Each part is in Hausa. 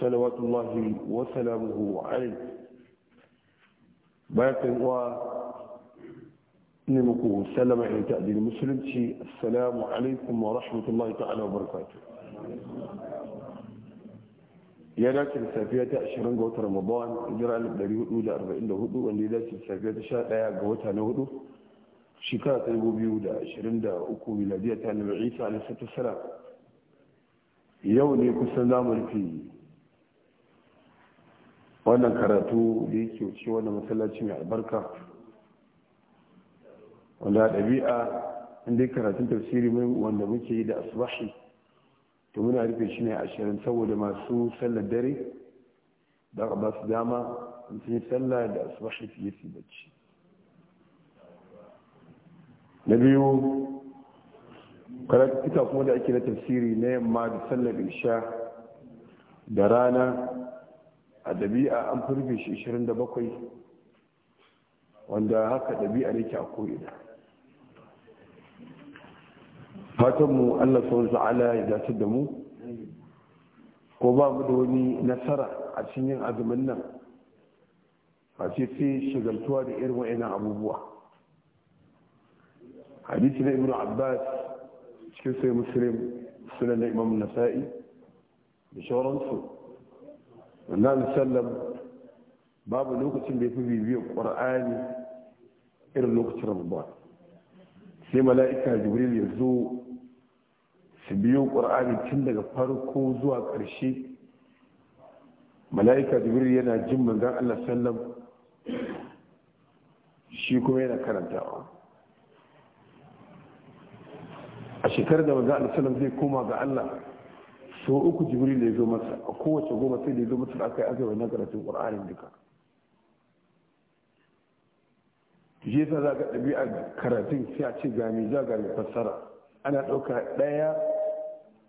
صلوات الله وسلامه عليه باكن و نمكو سلم عن تأذين المسلم السلام عليكم ورحمة الله تعالى وبركاته يا ناس السافية أشرن قوة رمضان إجراء لبداري هدو لأربعين لهدو واني ذات السافية شاء لا قوتها نهدو شكاة المبيو دا أشرن دا أكو ولادية النبي عيسى عليه الصلاة والسلام يوني كسلام الفيه wannan karatu da yake wuce wannan masallaci mai albarka wanda a ɗabi'a inda karatun tafsiri wanda muke yi da asbahi to muna rufe shi ne ashirin saboda masu sallar dare da ba su dama in sun yi sallah da asbahi fiye su bacci na biyu karatun kuma da ake na tafsiri na yamma da sallar isha da rana a dabi'a an furge shi 27 wanda haka dabi'a yake a ko'ina fatanmu allah sauran ta'ala ya dace da mu ko ba mu da wani nasara a cikin yin azumin nan a shagaltuwa shigaltuwa da irin wa'ina abubuwa hadisi na ibn abbas cikin sai muslim sunan na imam nasa'i da su. annabi sallam babu lokacin da ya fi bibiyar ƙwar'ani irin lokacin ramadan sai mala'ika jibril ya zo su biyo ƙwar'ani tun daga farko zuwa ƙarshe mala'ika jibril yana jin manzan allah sallam shi kuma yana karantawa a shekarar da manzan allah sallam zai koma ga allah so uku jibril ya zo masa a kowace goma sai da ya zo masa da aka yi aka na karatun ƙur'anin duka je sa za ka ɗabi'a karatun sai a ce ga mai ja ga mai fassara ana ɗauka ɗaya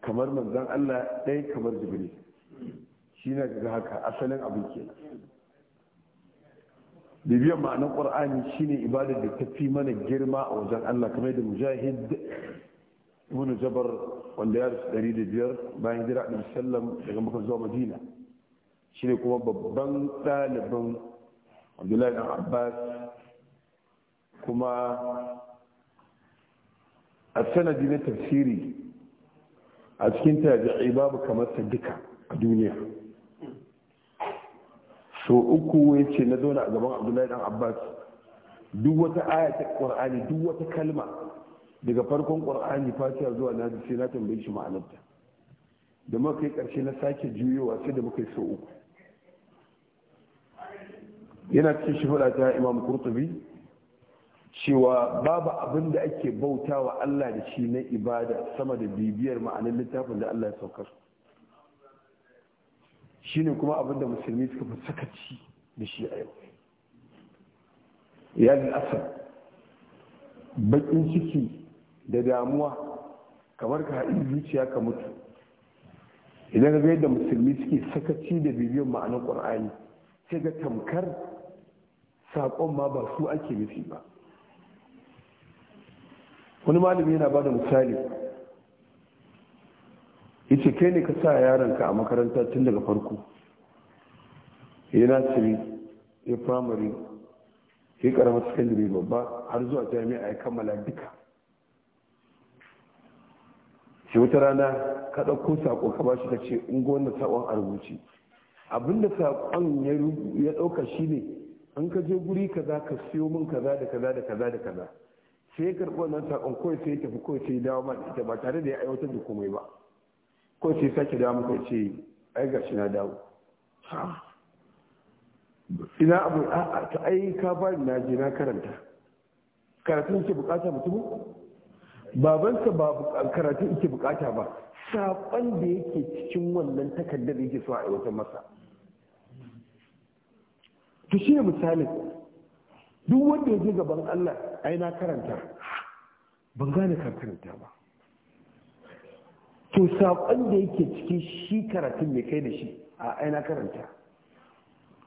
kamar manzan Allah ɗaya kamar jibril shi na ga haka asalin abin ke. bibiyar ma'anar ƙur'ani shine ibadar da ta fi mana girma a wajen Allah kamar da mujahid ibn jabar wanda ya rasu ɗari da biyar bayan jira da sallam daga makon zuwa madina shi ne kuma babban ɗaliban abdullahi ɗan abbas kuma a sanadi na tafsiri a cikin tabi'i babu kamar sa duka a duniya so uku ya ce na zauna a gaban abdullahi ɗan abbas duk wata aya ƙwar'ani duk wata kalma daga farkon qur'ani fatiha zuwa na sai na tambayi shi ma'anarta da muka kai ƙarshe na sake juyowa sai da muka yi sau uku yana cikin shifada ta imam kurtubi cewa babu abin da ake bauta wa Allah da shi na ibada sama da bibiyar ma'anar littafin da Allah ya saukar shi ne kuma abin da musulmi suka fi ci da shi a yau iyalin asar bakin ciki da damuwa kamar ka haɗi zuciya ka mutu idan ga da musulmi suke sakaci da bibiyan ma'anar ƙur'ani sai ga tamkar saƙon ma ba su ake nufi ba wani malami yana ba da misali Ya ce, kai ne ka sa yaranka a makaranta tun daga farko Ya siri ya firamare ya ƙaramar sakandare babba har zuwa jami'a ya kammala duka ke wata rana ka ɗauko sako ka bashi ka ce in gona saƙon a rubuce abinda saƙon ya ɗauka shi ne an ka je guri kaza ka siyo min kaza da kaza da kaza da kaza sai ya karɓi wannan ko kawai sai tafi tafi kawai sai ya dawo ma ita ba tare da ya aiwatar da komai ba kawai sai sake dawo maka ce ai gashi na dawo ina abu a ta ai ka bani na je na karanta karatun ke bukata mutum babansa ba karatu yake bukata ba saƙon da yake cikin wannan takardar yake so a aiwatar masa to shi misalin duk wanda ya je gaban Allah ai na karanta ban gane ka karanta ba to saƙon da yake cikin shi karatun mai kai da shi a ai na karanta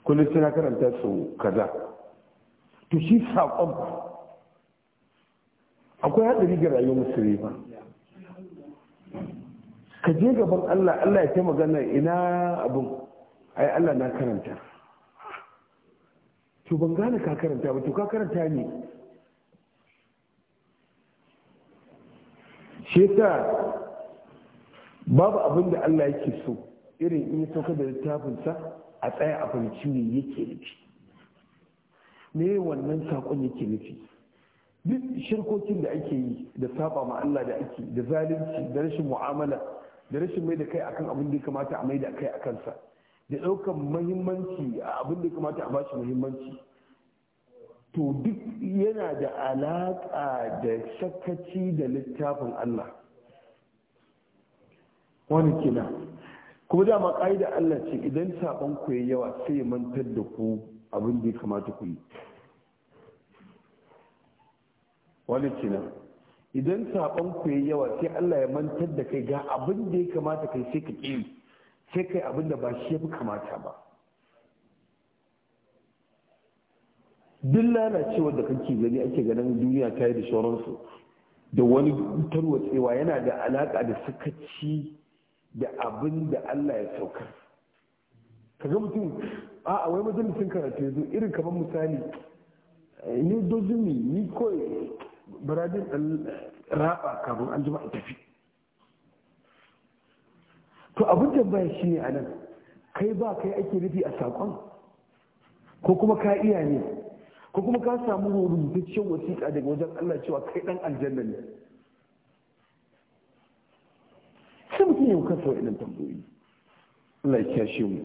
kullum suna karanta su kaza to shi saƙon akwai haɗari ga rayuwar musulmi ba ka je gaban Allah Allah ya ce magana ina abin ai Allah na karanta to ban gane ka karanta ba to ka karanta ne shi babu abin da Allah yake so irin in ya sauka da littafinsa a tsaya a fahimci yake nufi me wannan sakon yake nufi duk shirkokin da ake yi da saba ma Allah da ake da zalunci da rashin mu'amala da rashin mai da kai akan abin da ya kamata a mai da kai a kansa da ɗaukar muhimmanci a abin da ya kamata a bashi muhimmanci to duk yana da alaƙa da shakkaci da littafin Allah wani kina kuma dama ƙa'ida Allah ce idan sabon ku yawa sai mantar da ku abin da ya kamata ku yi wani kenan idan sabon ku yawa sai Allah ya mantar da kai ga abin da ya kamata kai sai ka ƙi sai kai abin da ba shi ya fi kamata ba duk lalacewar da kake gani ake ganin duniya ta yi da da wani tarwatsewa yana da alaƙa da sakaci da abin da Allah ya saukar kaga mutum a wai majalisin karatu yanzu irin kamar misali eh, ni dozumi ni kawai biradin ɗan raba kafin an jima a tafi to abin tambaya shi ne a nan kai ba kai ake nufi a sakon ko kuma ka iya ne ko kuma ka samu cikin wasiƙa daga wajen Allah cewa kai ɗan aljanna ne sai mutum yau kasa wa'innan tambayoyi Allah ya kyashe mu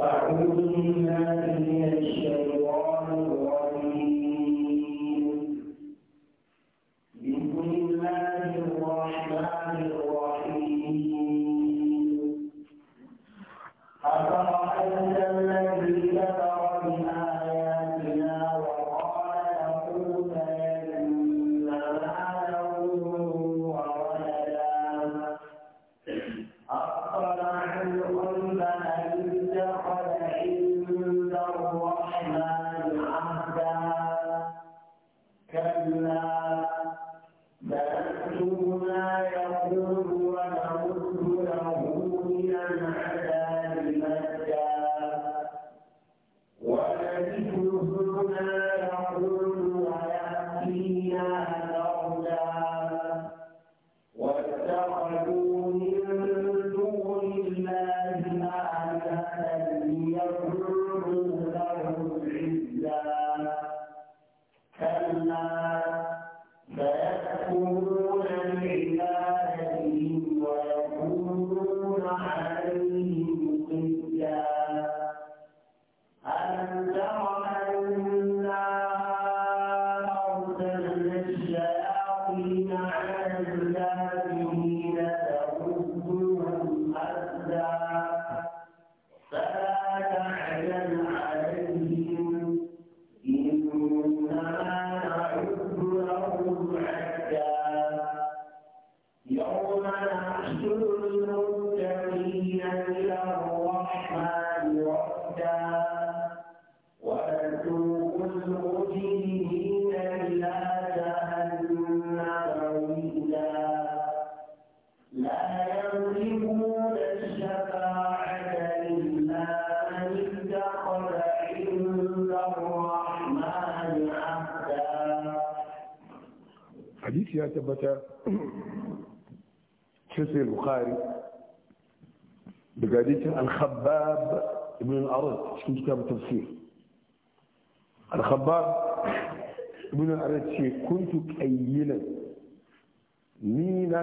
أعوذ بالله من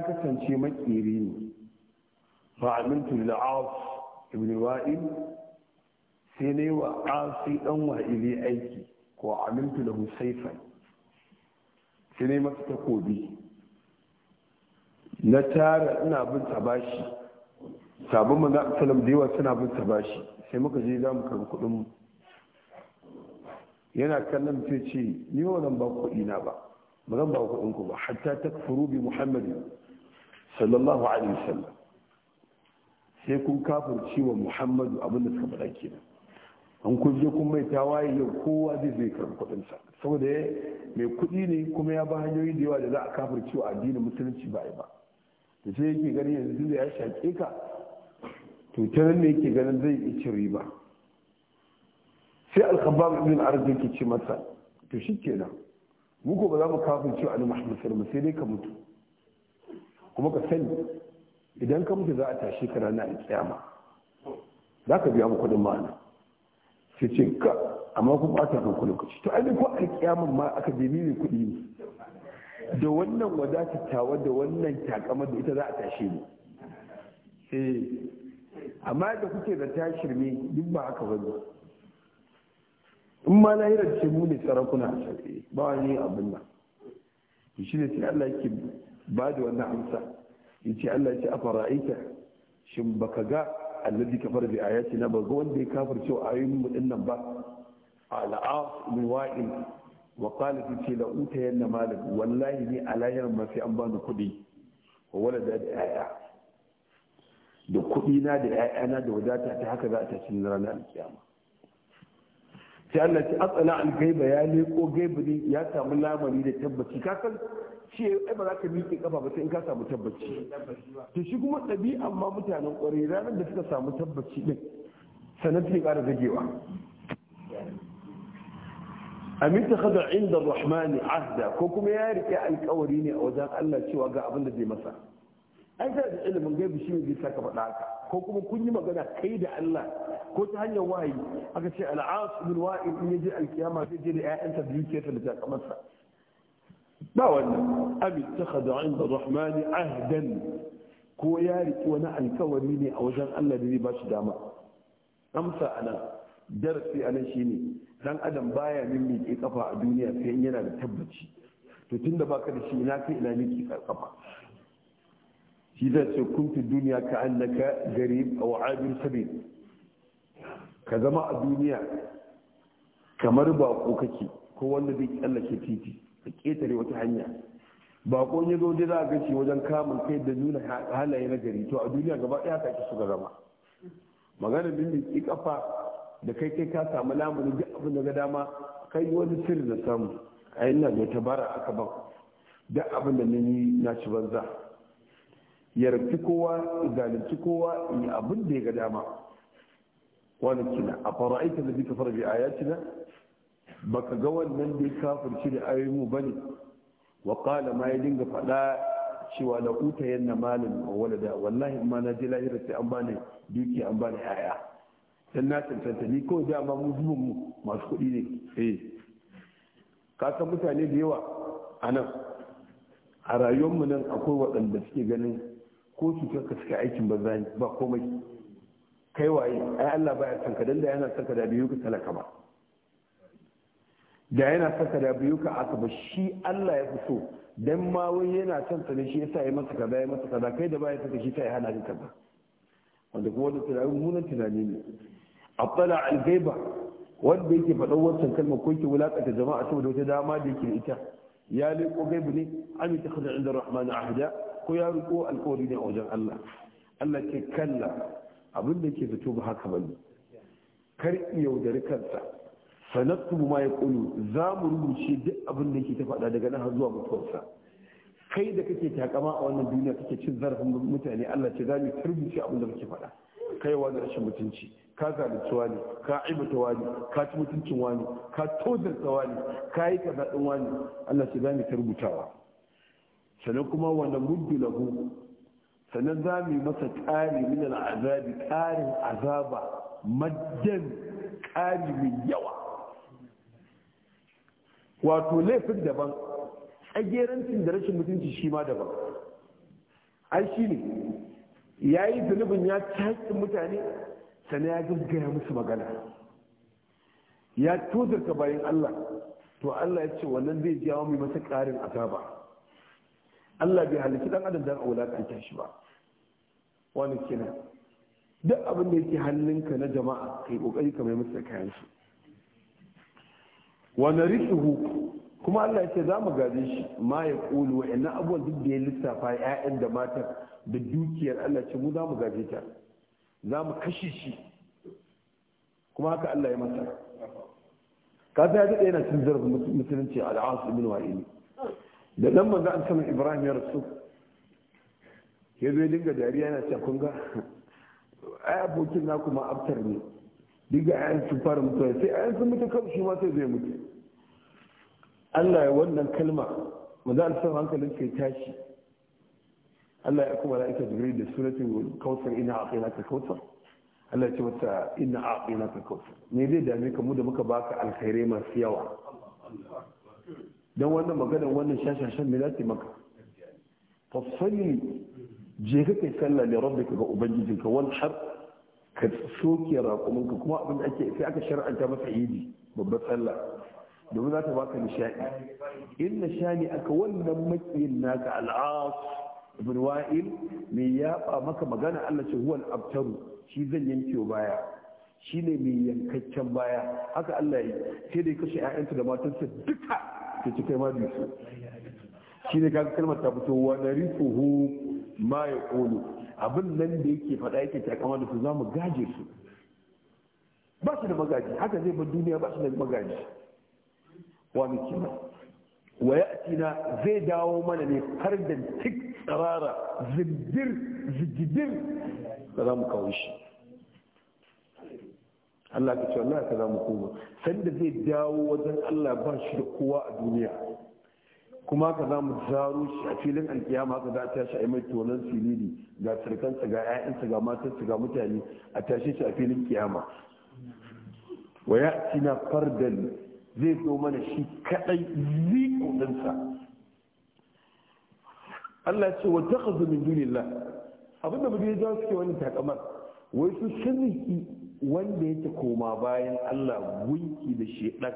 kasance makeri ne lil la'af ibn wa'il sai ne wa asi dan wa'ili aiki ko amintu da sayfa sai ne masa takobi na tara ina bin bashi mun ga sallam da yawa suna bin bashi sai muka je za mu karbi kuɗin mu yana kallon sai ce ni wannan ba kuɗi na ba ba zan ba kuɗin ku ba hatta takfuru bi muhammadin sallallahu alaihi wasallam sai kun kafirci wa muhammadu abin da suka faɗa nan an kun kun mai tawaye yau kowa zai zai karɓi kuɗinsa saboda mai kuɗi ne kuma ya ba hanyoyi da yawa da za a kafirci wa addinin musulunci ba ba da sai yake gani yanzu da ya shaƙe ka to ta nan ne yake ganin zai yi ci riba sai alkhabab ibn arz yake ce masa to shikenan mu ko ba za mu kafirci wa annabi muhammad sallallahu alaihi wasallam sai dai ka mutu kuma ka sani idan ka mutu za a tashi ka rana a ma za ka biya mu kuɗin ma'ana sai ce ka amma kuma ba ta kanku lokaci to ainihin ko a kiyaman ma aka bibi mai kuɗi ne da wannan tawa da wannan takamar da ita za a tashe mu sai eh, amma da kuke da ta shirme duk ba haka bane in ma lahirar ce mu ne sarakuna a sarki eh, ba wani abin nan shi ne sai Allah yake ba da wannan amsa ce Allah ya ce afara'aita shin baka ga alladhi kafara bi na. ba ga wanda ya kafirce ayoyin mu dinnan ba al'as min wa'il wa qala fi la yadda malik wallahi ni a ma sai an bani kuɗi. wa walada da yaya. da kuɗi na da na da wadata ta haka za ta cin ranar alkiyama sai Allah ya atsala al-gaiba ya leko gaibi ya samu lamari da tabbaci kakan ce ai ba za ka miƙe kafa ba sai in ka samu tabbaci to shi kuma ɗabi'an ma mutanen ƙwarai ranar da suka samu tabbaci din. sannan suke ƙara zagewa amin ta kada inda rahmani ahda ko kuma ya rike alkawari ne a wajen allah cewa ga abin da zai masa An da da ilimin gaibi shi ne zai saka faɗa haka ko kuma kun yi magana kai da allah ko ta hanyar wahayi aka ce al'as bin wa'in in ya je alkiyama zai je da biyu ke yukiyarta da takamarsa ba wannan am ittakhadha 'inda ar-rahmani 'ahdan ko ya riki wani alkawari ne a wajen Allah da zai ba shi dama amsa anan darasi anan shine ɗan adam baya mimmiƙe kafa a duniya sai yana da tabbaci to tunda baka da shi ina kai ina miki kafa shi zai ce kun duniya ka annaka gari a abir sabil ka zama a duniya kamar ko kake ko wanda zai tsallake titi ka ƙetare wata hanya bakon ya zo za a gaci wajen kamun kai da nuna halaye na gari to a duniya gaba ɗaya ka ake su ga zama maganar da ki kafa da kai kai ka samu lamuni duk abin da ga dama kai wani sirri na samu a ina da ta bara aka ban duk abin da na na ci banza yarfi kowa zalunci kowa yi abin da ya ga dama wani kina a fara'aita da bika ayatina baka ga wannan da ya kafirci da ayoyi mu bane wa qala ma ya dinga faɗa cewa la uta yanna malin walada wallahi ma na ji lahira sai an bani duki an bani yaya dan na tantance ni ko da ma mu mu masu kuɗi ne eh ka san mutane da yawa anan a rayuwar mu nan akwai waɗanda suke ganin ko su ka suka aikin banza ba komai kai waye ai Allah baya san ka dan da yana san ka da biyu ka talaka ba da yana saka da biyu ka aka ba shi Allah ya fi so dan ma wai yana son sa ne shi yasa ya masa kaza ya masa kaza kai da baya saka shi ta ya hana ka kaza wanda kuma wanda tunani munan tunani ne abdala al-gaiba wanda yake faɗan wancan kalmar ko yake wulakata jama'a saboda wata dama da yake ita ya leƙo gaibu ne an ta kada inda rahmanu ahda ko ya riko alkawari ne a wajen Allah Allah ce kalla abin da yake fito ba haka bane kar yaudari kansa sanattubu ma ya kulu za mu rubuce duk abin da yake ta faɗa daga nan har zuwa mutuwarsa kai da kake takama a wannan duniya kake cin zarafin mutane Allah ce za mu rubuce abin da muke faɗa kai da rashin mutunci ka zalunci wani ka aibata wani ka ci mutuncin wani ka tozarta wani ka yi ka zaɗin wani Allah ce za mu rubutawa sannan kuma wannan muddu lahu sannan za mu yi masa ƙari min al'azabi ƙarin azaba maddan ƙari mai yawa wato laifin daban cin da rashin mutunci shi ma daban ai shi ne ya yi zunubin ya ci mutane sannan ya gaggaya musu magana ya tozarta bayan Allah to Allah ya ce wannan zai jawo mai masa ƙarin azaba Allah bai halittu dan adam dan aula kan shi ba wani kenan duk abin da yake hannunka na jama'a kai kokari ka mai masa kayan su wa narithuhu kuma Allah ya ce za mu gaje shi ma ya kulu wa'annan abubuwan duk da ya lissafa ya'yan da mata da dukiyar Allah ce mu za mu gaje ta za mu kashe shi kuma haka Allah ya masa ka ta yi yana cin zarafin musulunci al'asu ibn wa'ili da dan manzo an sanar Ibrahim ya rasu ya zo ya dinga dariya yana cewa kun ga ai abokin na kuma abtar ne Diga ga ayan sun fara mutuwa sai ayan sun mutu kawai shi ma sai zai mutu Allah ya wannan kalma maza a san hankalin kai tashi Allah ya kuma la'ika jibril da suratin kautsar ina a aqina ka kautsar Allah ya ce mata ina aqina ka kautsar me zai dame ka mu da muka baka alkhairai masu yawa dan wannan maganar wannan shashashan me za ta maka fasalli je ka kai sallah da rabbika ga ubangijinka wal har ka soke raƙumin ka kuma abin da ake sai aka shar'anta masa idi babbar sallah domin za ta baka nishaɗi in nishani aka wannan makiyin naka al'as ibn wa'il mai yaɓa maka magana Allah ce huwal abtaru shi zan yanke baya shi ne mai yankaccen baya haka Allah yi sai dai kashe 'ya'yanta da matansa duka ta ci kai ma su shi ne kaga kalmar ta fito wa narifuhu ma ya abin nan da yake faɗa yake takama da su za mu gaje su ba su da magaji haka zai bar duniya ba su da magaji wa kima wa ya'tina zai dawo mana ne har da tik tsarara zindir zididir da za mu kawo shi Allah ka ce Allah ka za mu koma sanda zai dawo wajen Allah ba shi da kowa a duniya kuma ka za mu shi a filin alkiyama haka za a tashi a yi mai tonon silili ga sarkansa ga 'ya'yansa ga matarsa ga mutane a tashi shi a filin kiyama wa ya na zai zo mana shi kadai ziko dinsa Allah ce wa takhadhu min dunillah abinda bude ya suke wani takamar wai su shirki wanda yake koma bayan Allah gunki da shedan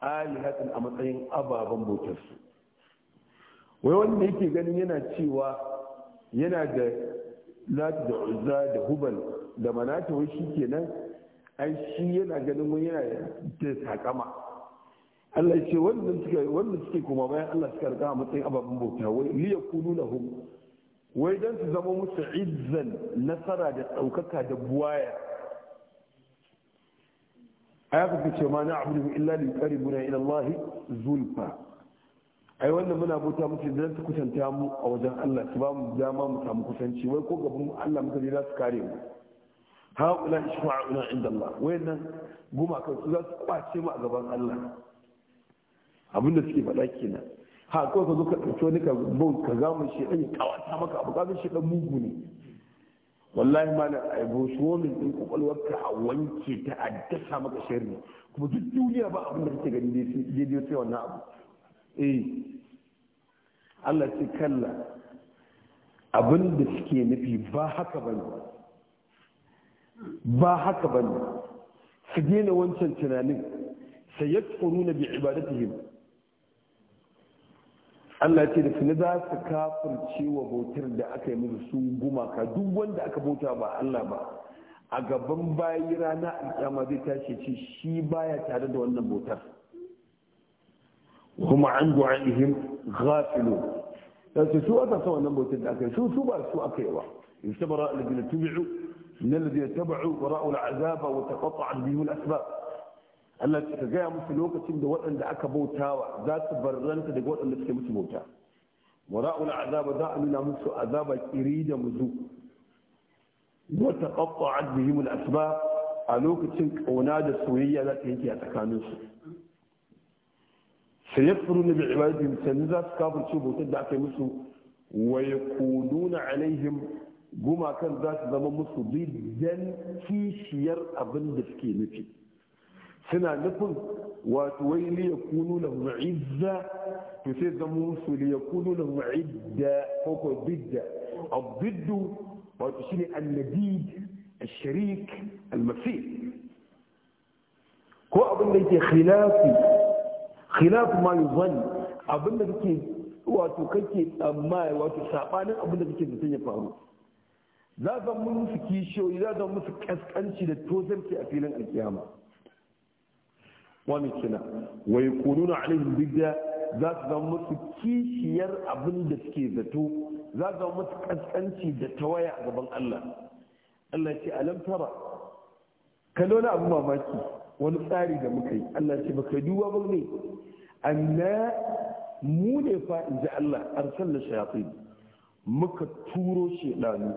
alihatan a matsayin ababen bautarsu wai wanda yake ganin yana cewa yana da lati da uzza da hubal da manata wai shi kenan ai shi yana ganin wani yana da sakama Allah ya ce wanda suke wanda suke kuma bayan Allah suka rika matsayin ababen bauta wai liyakunu lahum wai dan su zama musu izzan nasara da daukaka da buwaya ayaka ce ma na abudu illa li qaribuna ila Allah zulfa ai wannan muna bauta muke da su kusanta mu a wajen Allah su ba mu dama mu samu kusanci wai ko gaban Allah muka je za su kare mu haula ishfa'una inda Allah wayannan goma kan su za su kwace mu a gaban Allah abin da suke faɗa kenan ha kawai ka zo ka ɗauki wani ka bau ka mu shi ɗan kawata maka abu ka shi ɗan mugu ne wallahi malam na yabo shi in ɗin kwakwalwarka a wanke ta a dasa maka sharri kuma duk duniya ba abin da kake gani daidai sai wannan abu Eh. Allah ce kalla abin da suke nufi ba haka ba ba haka bane su daina wancan tunanin sayadkhuluna bi ibadatihim Allah ce da suna za su kafin cewa bautar da aka yi musu su gumaka duk wanda aka bauta ba Allah ba a gaban bayi rana a ƙyama zai tashi ce shi baya tare da wannan bautar kuma an du'a'ihim ghafilun sai su aka sa wannan bautar da aka yi su su ba su aka yi ba yustabara alladhina tubi'u min alladhina tabu'u wa ra'u al'azaba wa taqatta'at bihim al-asbab gaya musu lokacin da waɗanda aka bautawa za bar ranta daga waɗanda suke musu bauta wa ra'u al'azaba za a nuna musu azaba kiri da muzu a lokacin kauna da soyayya za ta yanke tsakaninsu سيكفرون بعبادتهم سنزات كافر شبه تدع كمسو ويقولون عليهم قما كان ذات ذا ممسو ضدا في شير أبن دفكي نفي سنا نقول وتويلي يكون لهم عزة تسير ذا ممسو ليكون لهم عدة فوق الضد الضد وتشيني النديد الشريك المسيح هو أبن ليتي خلافي khilaf ma yuzan abin da kake wato kake tsammai wato sabanin abin da kake zaton ya faru za ka musu kishiyoyi za ka musu kaskanci da tozarci a filin alkiyama wani kina wai kununa alaihim bidda za ka zama musu kishiyar abin da suke zato za ka musu kaskanci da tawaya a gaban Allah Allah ce alam tara kallo na abu mamaki wani tsari da muka yi Allah ce baka duba ba ne anna mu ne fa in ji Allah arsalna shayatin muka turo shedanu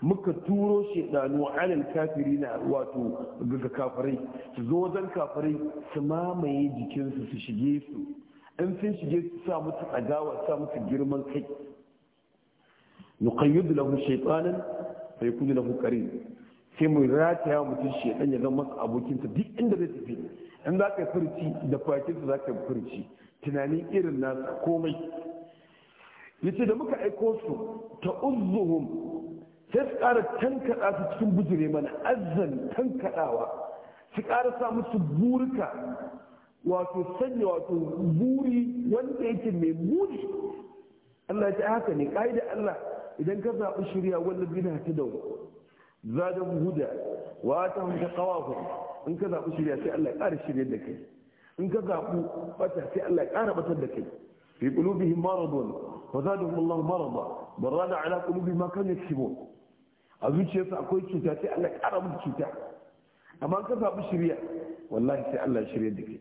muka turo shedanu alal kafirina wato ga kafirai su zo wajen kafirai su mamaye jikinsu su shige su in sun shige su sa musu adawa sa musu girman kai nuqayyid lahu shaytanan fa yakunu lahu qarin sai mu rataya mutum shi ya zama masa abokinsa duk inda zai tafi in za ka furci da fakinsa za ka furci tunanin irin nasa komai yace da muka aiko su ta uzuhum sai su ƙara tankaɗa su cikin bujire mana azan tankaɗawa su ƙara sa musu burika wato sanya wato buri wanda yake mai muni Allah ya ce haka ne kaida Allah idan ka zaɓi shirya wannan bin ta da zadahum huda wa atahum taqawahum in ka zaɓi shirya sai Allah ya ƙara shirya da kai in ka zaɓi bata sai Allah ya ƙara batar da kai fi qulubihim maradun wa zadahum Allah marada barada ala qulubihim ma kan kanu yaksibun a zuciyarsu akwai cuta sai Allah ya ƙara musu cuta amma in ka zaɓi shirya wallahi sai Allah ya shirya da kai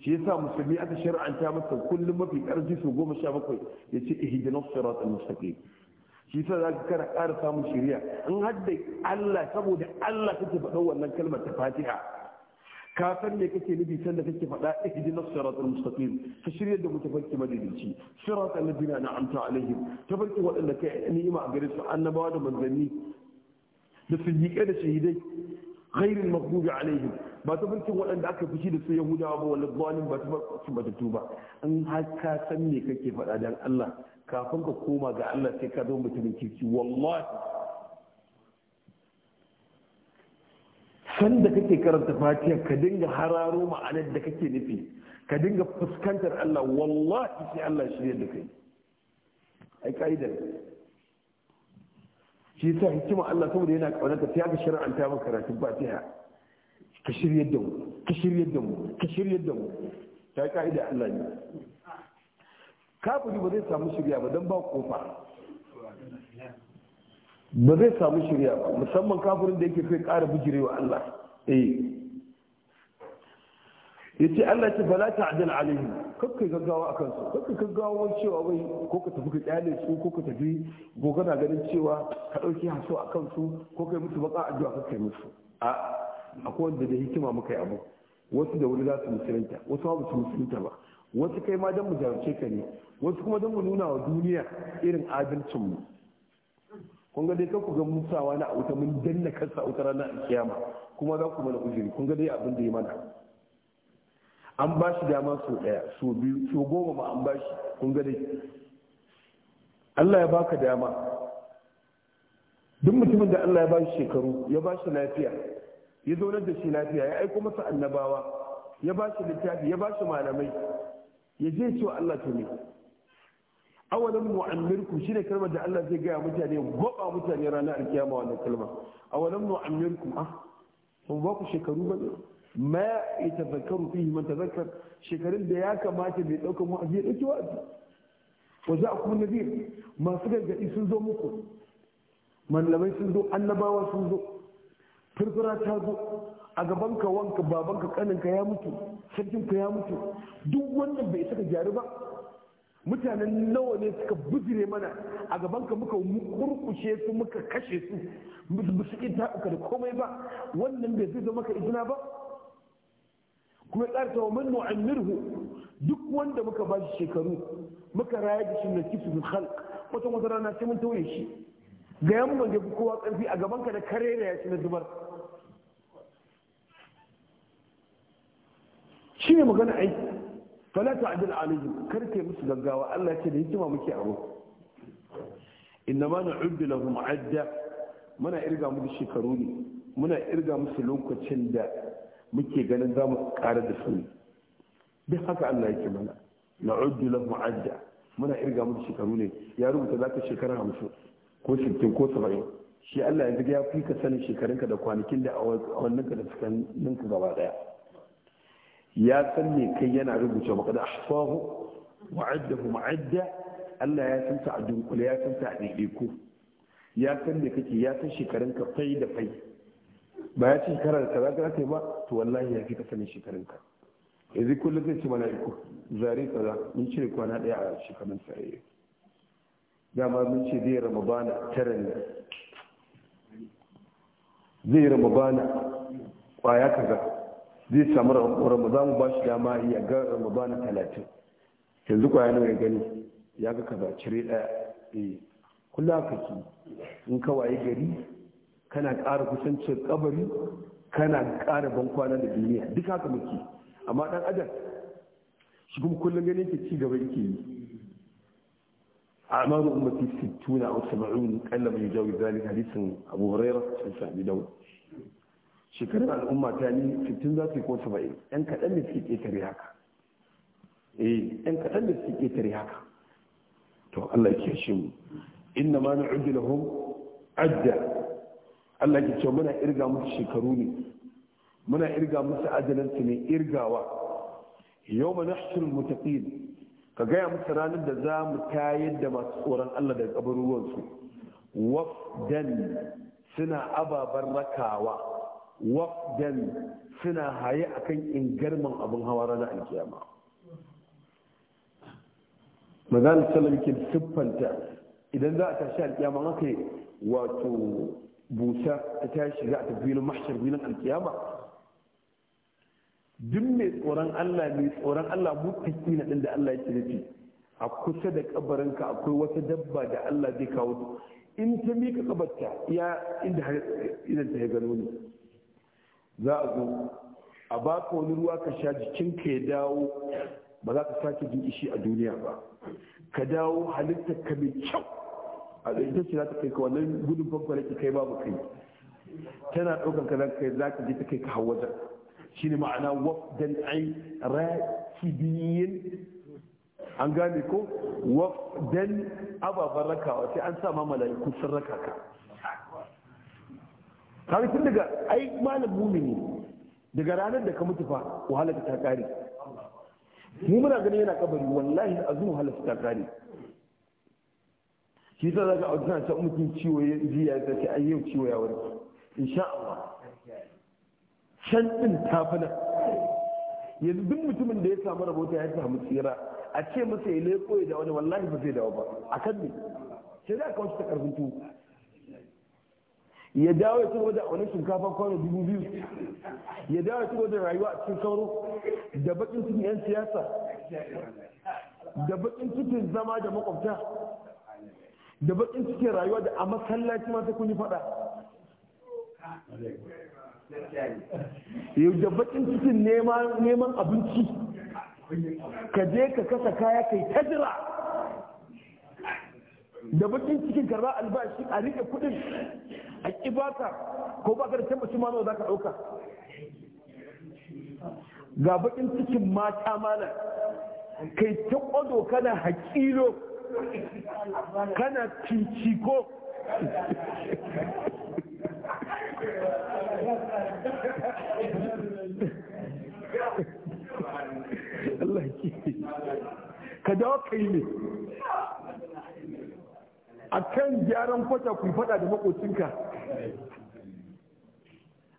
shi ya sa musulmi aka shar'anta masa kullum mafi ƙarfi su goma sha bakwai ya ce ihdinas siratal mustaqim shi sa za ka kana ƙara samun shiriya in hadda Allah saboda Allah kake faɗa wannan kalmar ta Fatiha ka san me kake nufi san da kake faɗa ihdinas siratal mustaqim ka shirya da mutafarki madalici siratal ladina an'amta alaihim tafarki waɗanda kai ni'ima a gare su annabawa da manzanni da siddiqai da shahidai ghairil maghdubi alaihim ba ta farkin waɗanda aka fushi da su yahudawa ba wala zalim ba ta farkin ba ta tuba in har ka san me kake faɗa dan Allah kafin ka koma ga Allah sai ka zo mutumin kirki wallahi sanda kake karanta fatiha ka dinga hararo ma'anar da kake nufi ka dinga fuskantar Allah wallahi sai Allah shirya da kai ai ka'ida shi yasa hikima Allah saboda yana kaunarka sai aka shar'anta maka karatun fatiha ka shirya da mu ka shirya da mu ka shirya da mu ta ka'ida Allah ne kafiri ba zai samu shirya ba don ba kofa ba zai samu shirya ba musamman kafirin da yake kara ƙara wa Allah eh yace Allah ce fala ta'dil alaihim kakkai gaggawa akan su kakkai gaggawa cewa wai ko ka tafi ka tsale su ko ka tafi gogana ganin cewa ka dauki haso akan su ko kai musu baka addu'a kai musu a akwai wanda da hikima muka yi abu wasu da wuri za su musulunta wasu ba su musulunta ba wasu kai ma don mu jarumce ka ne wasu kuma don mu nuna wa duniya irin adalcinmu kun ga dai kan ku ga musawa na auta mun danna kansa auta ranar kiyama kuma za ku mana ujiri kun ga dai abin da ya mana an ba shi dama so daya so biyu so goma ma an ba shi kun ga dai Allah ya baka dama duk mutumin da Allah ya ba shi shekaru ya ba shi lafiya ya zaunar da shi lafiya ya aiko masa annabawa ya ba shi littafi ya ba shi malamai ya je cewa Allah ta ne awalan mu'ammirku ne kalmar da Allah zai gaya mutane goba mutane ranar alkiyama wannan kalma awalan mu'ammirku a ah, sun ba ku shekaru ba ma yatazakkaru fihi man tazakkar shekarun da ya kamata bai dauka mu aje dauki wa'azi wa za'akum nadir masu gargadi sun zo muku mallamai sun zo annabawa sun zo firfira ta zo a gaban ka wanka babanka kaninka ya mutu sarkin ka ya mutu duk wanda bai saka gyaru ba mutanen nawa ne suka bujire mana a gaban ka muka kurkushe su muka kashe su ba su iya taɓuka da komai ba wannan bai zai maka izina ba kuma ƙarta ta man mu'amirhu duk wanda muka ba shi shekaru muka raya da shi na kisu khalq wata wata rana sai mun tauye shi ga yamma ga kowa ƙarfi a gaban ka da kare ya shi na zubar shi ne magana aiki falata a alaihim kar kai musu gaggawa Allah ce da hikima muke aro inna ma na'uddu lahu ma'adda muna irga musu shekaru ne muna irga musu lokacin da muke ganin za mu ƙara da su duk haka Allah yake mana na'uddu lahu ma'adda muna irga musu shekaru ne ya rubuta za ka shekara hamsin ko sittin ko 70 shi Allah yanzu ya fi ka sanin shekarunka da kwanakin da a wannan ka da suka ninka gaba daya ya san me kai yana rubuta maka da ahfahu wa addahu ma'adda Allah ya san ta a dunkule ya san ta a daidaiku ya san me kake ya san shekarun ka fai da fai ba ya ce shekarar ka za ka ba to wallahi ya fi ka sanin shekarun ka yanzu kullum zai ci mana iko zare za mun cire kwana daya a shekarun sa dama mun ce zai ramadana tara ne zai ramadana kwaya kaza zai samu ramadan mu ba shi dama ya ga ramadan talatin yanzu kwaya nawa ya gani ya ga kaza cire ɗaya eh kullum ka ki in kawai gari kana ƙara kusancin kabari kana ƙara kwana da duniya duk haka muke amma dan adam shi kuma kullum ganin ke ci gaba yake yi amaru ummati sittuna aw sab'un qalla man yujawiz zalika hadithun abu hurairah sun sami dawud shekarun al'umma ta ni 60 za su yi ko 70 yan kaɗan da suke ƙetare haka eh yan kaɗan da suke ƙetare haka to Allah ya shi mu inna ma nu'uddu lahum adda Allah ya ce muna irga musu shekaru ne muna irga musu ajalin su ne irgawa yawma nahshuru muttaqin ka gaya musu ranar da za mu tayar da masu tsoron Allah daga kabaruwansu wafdan suna ababar rakawa waqdan suna haye akan ingarman abin hawa ranar alkiyama mazan salam ke siffanta idan za a tashi alkiyama yi wato busa ta tashi za a tafi filin mahshar alkiyama duk mai tsoron Allah mai tsoron Allah mutaki na da Allah yake nufi a kusa da kabarinka akwai wata dabba da Allah zai kawo in ta mika kabarta ya inda idan ta ya gano ne za a zo a baka wani ruwa ka sha jikin ka ya dawo ba za ka sake jin ishi a duniya ba ka dawo halittar ka mai kyau a ita ce za ta kai ka wannan gudun famfa da kai babu kai tana ɗaukar ka kai za ka je ta kai ka hau wajen shi ne ma'ana wafdan ai rakibiyin an gane ko wafdan ababen rakawa sai an sa ma mala'iku sun raka kawai tun daga ai malam mumini daga ranar da ka mutu fa wahala ta kare mu muna ganin yana kabari wallahi da azum wahala ta kare shi ta zaka a tana ta mutum ciwo ya ji ya ta ce ai yau ciwo ya warke insha Allah shan din tafana yanzu duk mutumin da ya samu rabota ya samu tsira a ce masa ya leko ya dawo ne, wallahi ba zai dawo ba akan ne sai da ka wuce ta karfin tuwo ya dawo ya cigaba da wani shinkafa kwano dubu biyu ya dawo ya cigaba da rayuwa a cikin sauro da bakin cikin 'yan siyasa da bakin cikin zama da makwabta da bakin cikin rayuwa da a masallaci ma sai kun yi faɗa da bakin cikin neman abinci ka je ka kasa kaya kai ta jira da bakin cikin karba albashi a rike kudin a kibaka ko ka da tabbacin ma za ka dauka ga bakin cikin mata mana kai ta kwado kana hakilo kana cinciko Allah ki ka dawo kai ne a kan gyaran kwata ku faɗa da makocinka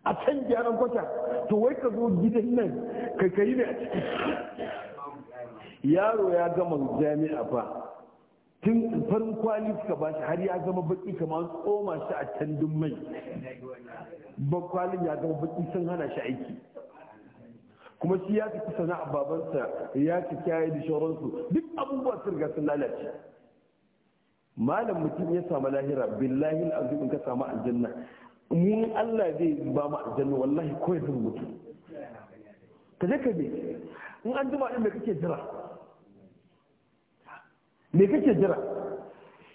a can gyaran kwata to wai ka zo gidan nan ka kai ne a ciki yaro ya gama jami'a fa tun farin kwali suka bashi har ya zama baki kamar tsoma shi a can dun mai ban kwalin ya zama baki sun hana shi aiki kuma shi ya tafi sana'a babansa ya fi kyaye da shauransu duk abubuwa sun riga sun lalace malam mutum ya samu lahira billahi al'azim in ka samu aljanna mun Allah zai ba mu aljanna wallahi ko yanzu zan mutu ka je ka je in an jima din me kake jira me kake jira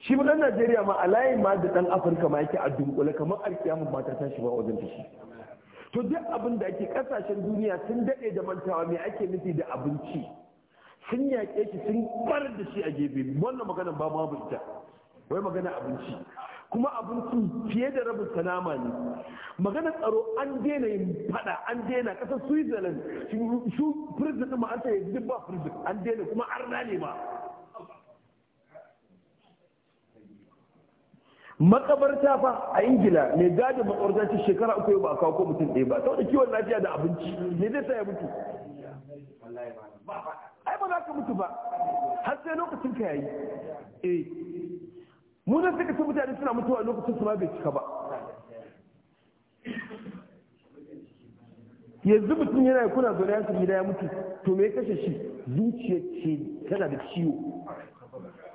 shi mu dan Najeriya ma a ma da dan Afirka ma yake a dunkule kamar alkiyamu ba ta tashi ba wajen tashi to duk abin da ake kasashen duniya sun daɗe da mantawa me ake nufi da abinci sun yaƙe shi sun bar da shi a gefe wannan maganar ba ma ita wai magana abinci kuma abinci fiye da rabin sanama ne magana tsaro an daina yin fada an daina kasar switzerland su prison ma an sai duk ba prison an daina kuma an rane ba makabarta fa a ingila mai gadi makabarta ce shekara uku ba a kawo ko mutum ɗaya ba saboda kiwon lafiya da abinci ne zai sa ya mutu ai ba za ka mutu ba har sai lokacin ka yayi eh mu zai suka mutane suna mutuwa lokacin su ma bai cika ba yanzu mutum yana yi kuna zaune yankin gida ya mutu to me kashe shi zuciya ce tana da ciwo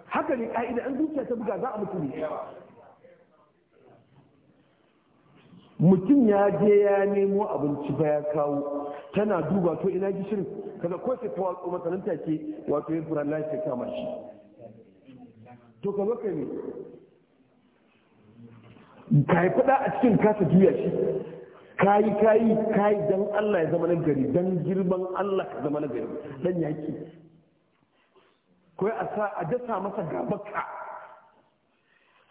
haka ne ka'ida an zuciya ta buga za a mutu ne mutum ya je ya nemo abinci ba ya kawo tana duba to ina gishirin kaza ko sai ta watsu matsalanta ke wato yin furan lafiya kama shi to ka zo kai ne ka yi fada a cikin kasa juya shi yi, ka yi, dan Allah ya zama nagari dan girman Allah ka zama nagari dan yaki ko a sa a dasa masa gabaka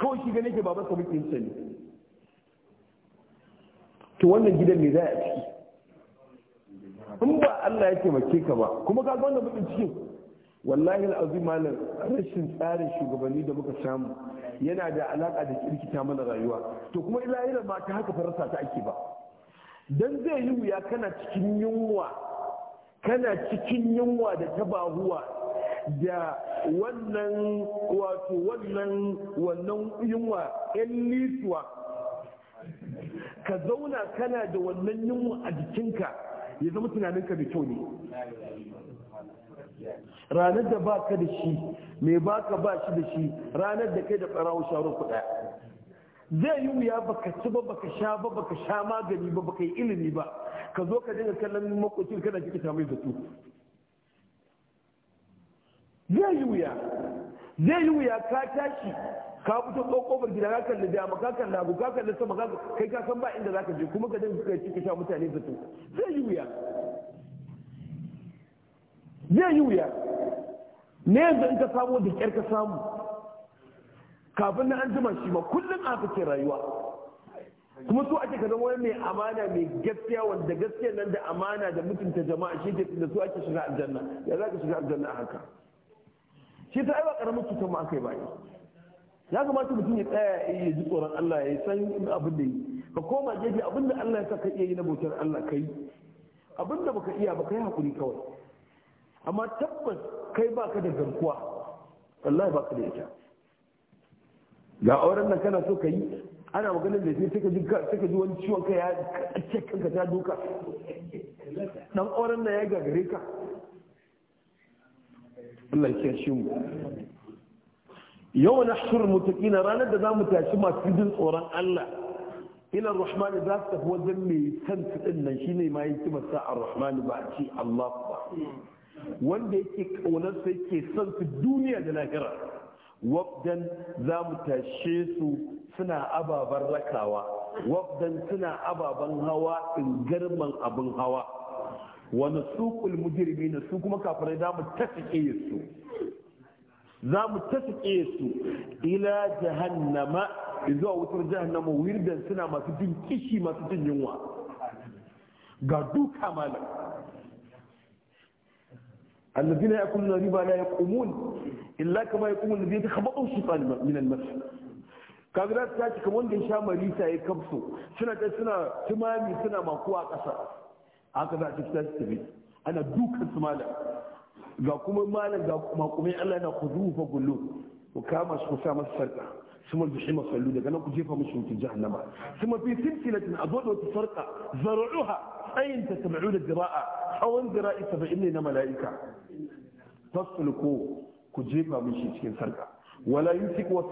kawai shi gane ke baban sa yin sani to wannan gidan ne za a ciki in ba Allah ya taimake ka ba kuma ka ga wannan mutum cikin wallahi al'azu malam rashin tsarin shugabanni da muka samu yana da alaka da kirkita mana rayuwa to kuma ilahira ba ta haka farasa ta ake ba dan zai yi wuya kana cikin yunwa kana cikin yunwa da tabahuwa da wannan wato wannan wannan yunwa yan nisuwa ka zauna kana da wannan yunwa a jikinka ya zama tunaninka da kyau ne ranar da ba ka da shi mai ba ka ba shi da shi ranar da kai da ɓarawo sharon kuɗa zai yi wuya ba ka ci ba ka sha ba ka sha magani ba ka yi ilimi ba ka zo ka dinga kallon makocin kana kika mai zato zai yi wuya zai yi wuya ka tashi ka fito ko gida ka kalli dama ka kalli abu ka kalli sama kai ka san ba inda ka je kuma ka dinga cikin sha mutane zato zai yi wuya zai yi wuya ne yanzu in ka samu da kyar ka samu kafin na an jima shi ma kullum a fice rayuwa kuma so ake ka wani mai amana mai gaskiya wanda gaskiya nan da amana da mutunta jama'a shi ke da su ake shiga aljanna ya za ka shiga aljanna a haka shi ta aiwa karamin cutar ma aka yi bayan ya kamata mutum ya tsaya ya ji tsoron Allah ya san abin da yi ka koma gefe abin da Allah ya sa ka iya yi na bautar Allah ka yi abin da baka iya ba ka yi hakuri kawai amma tabbas kai baka da garkuwa wallahi baka da ita ga auren nan kana so ka yi ana maganin da sai suka ji suka ji wani ciwon kai ya kace kanka ta duka dan auren nan ya gagare ka Allah ya kiyaye mu yau na shirul mutaqina ranar da zamu tashi masu jin tsoron Allah ila rahmani za su tafi wajen mai san su din nan shine ma kimar sa ar-rahmani ba a Allah ba wanda yake ƙaunarsa yake son su duniya da lahira wabdan za mu tashe su suna ababen rakawa wabdan suna ababen hawa in garman abin hawa wani suƙul mujirmi na su kuma kafirai za mu tasike su za mu tasike su ila jahannama zuwa wutar jahannama wirdan suna masu jin kishi masu jin yunwa ga duka malam الذين يأكلون الربا لا يقومون إلا كما يقوم الذين يتخبطوا الشيطان من المس kaga za ta tashi kamar wanda ya sha ya kamso suna ta suna tumami suna makuwa a ƙasa haka za a tafi tashi tafi ana dukan su malam ga kuma malam ga makumai Allah na ku zuwa gullu kama su ku sa masa sarka su su ma fi silsilatin a zo da wata tsayinta saba'u da jira'a tsawon jira'i saba'in ne na mala'ika tasuluko ku jefa mishi cikin sarka wala yusik wa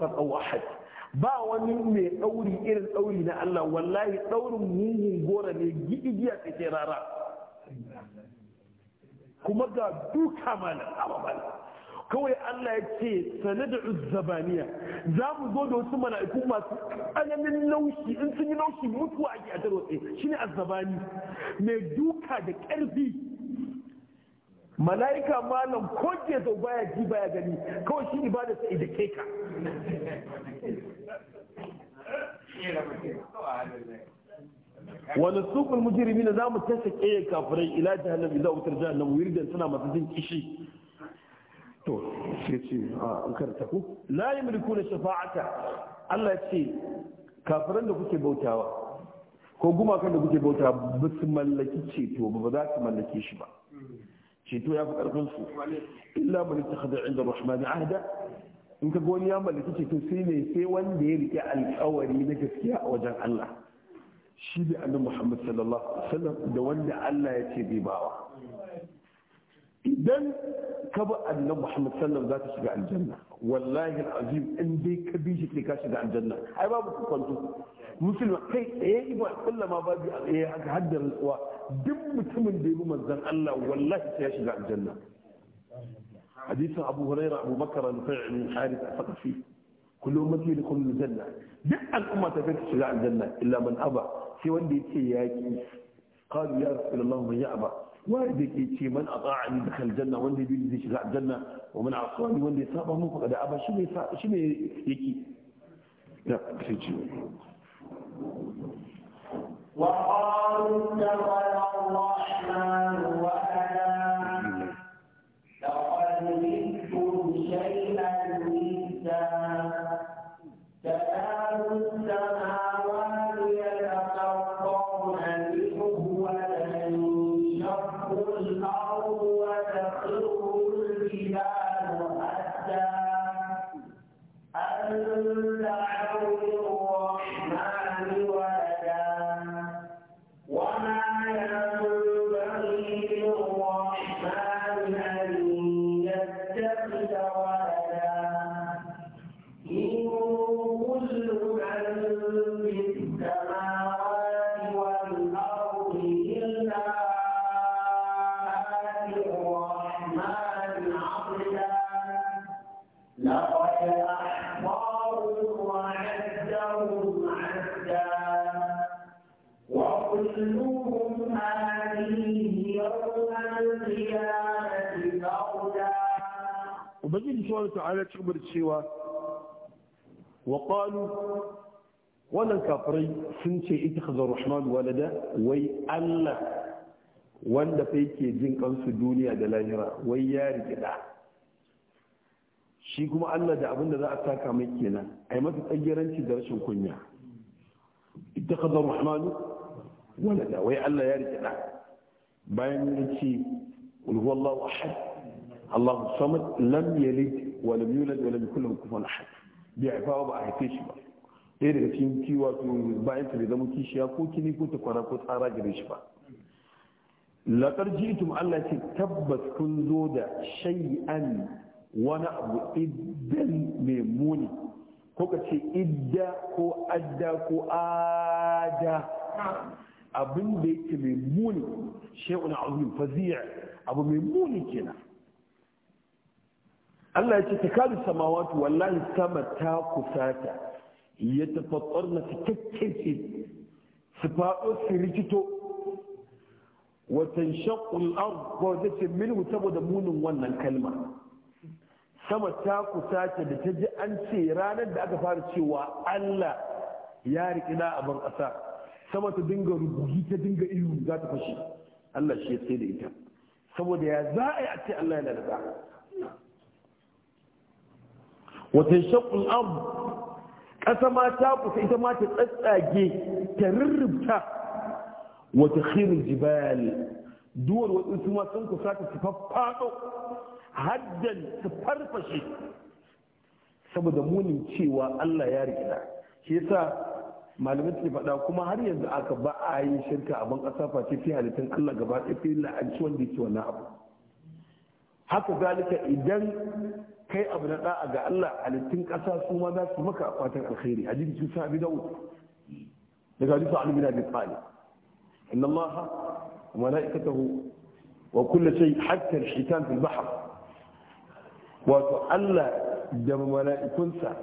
ba wani mai ɗauri irin ɗauri na Allah wallahi ɗaurin mugun gora ne gidigiya take rara kuma ga duka mana kawai Allah ya ce sanadu uzzabaniya za mu zo da wasu mala'iku masu tsananin naushi in sun yi naushi mutuwa ake a tarwatse shine azzabani mai duka da ƙarfi mala'ika malam ko ke zo baya ji baya gani kawai shi ibada sai da ke ka wani sukul mujirimi na za mu tasa kafirai ila jahannam ila wutar jahannam wirdan suna masu jin kishi to sai ce an karanta ku la yamliku na shafa'ata Allah ce kafiran da kuke bautawa ko gumakan da kuke bauta ba su mallaki ceto ba za su mallake shi ba ceto ya fi karfin su illa man ittakhadha 'inda ar-rahmani 'ahda in ka goni ya mallaki ceto sai ne sai wanda ya rike alkawari na gaskiya a wajen Allah shi ne annabi Muhammad sallallahu alaihi wasallam da wanda Allah ya ce bai bawa idan كبا ان محمد صلى الله عليه وسلم ذات الجنه والله العظيم ان دي كبي شكل كاش ذات الجنه اي باب كنت مسلم كي اي إيه، إيه، إيه، ما كل ما باب اي حد و دم متم دي الله والله سي شي الجنه حديث ابو هريره ابو بكر الفعل حارث فقط فيه كل امتي لكل الجنه دق الامه تبيت شي الجنه الا من ابى في وندي تي قال يا رسول الله من يابى وارد يجي من أطاع دخل الجنة وين اللي بيجي شغل الجنة ومن عصاني وين اللي صابه مو فقد أبا شو شو يجي لا تجي وقالوا تبارك الله ubangiji shi wani ta'ala ci cewa wa qalu wannan kafirai sun ce ita khazar rahman walada wai Allah wanda fa yake jin kansu duniya da lahira wai ya rike shi kuma Allah da abin da za a taka mai kenan ai masa tsagiranci da rashin kunya ita khazar rahman walada wai Allah ya rike bayan ya ce qul huwallahu ahad Allahu samad lam yalid wa lam yulad wa lam yakul lahu kufuwan ahad bai haifa ba a haife shi ba ɗaya daga cikin kiwa to bayan ta bai zama kishiya ko kini ko takwara ko tsara gare shi ba laƙar jitum Allah ce tabbas kun zo da shay'an wani abu iddan mai muni ko ka ce idda ko adda ko ada abin da yake mai muni shay'un azim fazi'a abu mai muni kenan Allah ya ce ta kadu samawatu wallahi sama ta kusata ya tafattar na fitakkece su faɗo su rikito watan shakul arba da ce minhu saboda munin wannan kalma sama ta kusata da ta ji an ce ranar da aka fara cewa Allah ya riƙi na abin ƙasa sama ta dinga rubuhi ta dinga ihu za ta fashe Allah shi ya sai da ita saboda ya za a yi a ce Allah ya da wata shakul am ƙasa ma ta kusa ita ma ta tsatsage ta rurrubta wata khirin jibal duwar waɗansu ma sun kusa ta su faffaɗo haddan su farfashe saboda munin cewa Allah ya rikida, shi yasa malamai ke faɗa kuma har yanzu aka ba a yi shirka abin ƙasa face fi halittun Allah gaba ɗaya fi la'anci wanda yake wannan abu haka zalika idan kai abu na da'a ga Allah halittun ƙasa su ma za su maka akwatin alkhairi a jikin sa dawo daga hadisi Ali bin Abi Talib inna Allah wa malaikatahu wa kullu shay hatta al-shitan fil bahr wato Allah da mala'ikunsa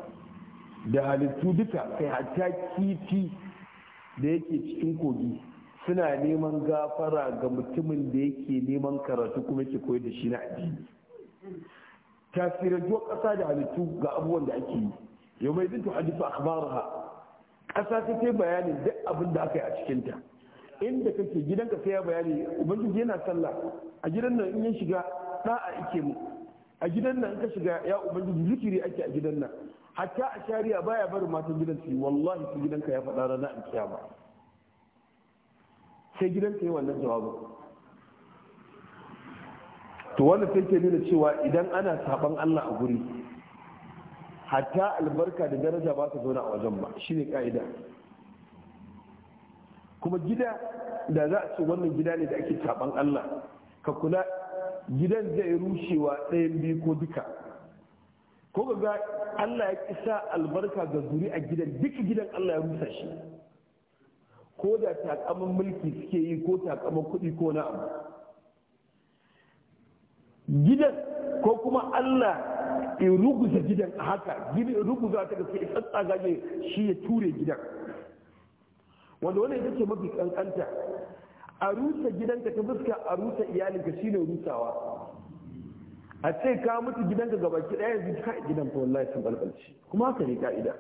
da halittu duka kai hatta kifi da yake cikin kogi suna neman gafara ga mutumin da yake neman karatu kuma yake koyar da shi na addini tasirantuwar ƙasa da halittu ga abubuwan da ake yi yau mai zintu hadisu akhbaraha ƙasa ta ce bayanin duk abin da aka yi a cikinta inda kake gidanka sai ya bayani ubangiji yana sallah a gidan nan in ya shiga da'a ake mu a gidan nan in ka shiga ya ubangiji zikiri ake a gidan nan hatta a shari'a baya barin matan gidan su wallahi su gidanka ya faɗa rana a kiyama sai gidanka yi wannan jawabin to wanda sai ke nuna cewa idan ana saban Allah a guri hatta albarka da daraja ba ta zauna a wajen ba shine ka'ida kuma gida da za a wannan gida ne da ake saban Allah ka kula gidan zai rushewa ɗayan biyu ko duka ko ga Allah ya kisa albarka ga zuri a gidan duk gidan Allah ya rusa shi ko da takaman mulki suke yi ko takaman kuɗi ko na abu gidan ko kuma Allah in ruguza gidan a haka gidan ruguza ta gaske tsatsa shi ya ture gidan wanda wannan ita ce mafi kankanta a rusa gidanka ta fuska a rusa iyalinka shine rusawa a ce ka mutu gidanka gaba ki daya yanzu ka gidan fa wallahi sun balbalci kuma haka ne ka'ida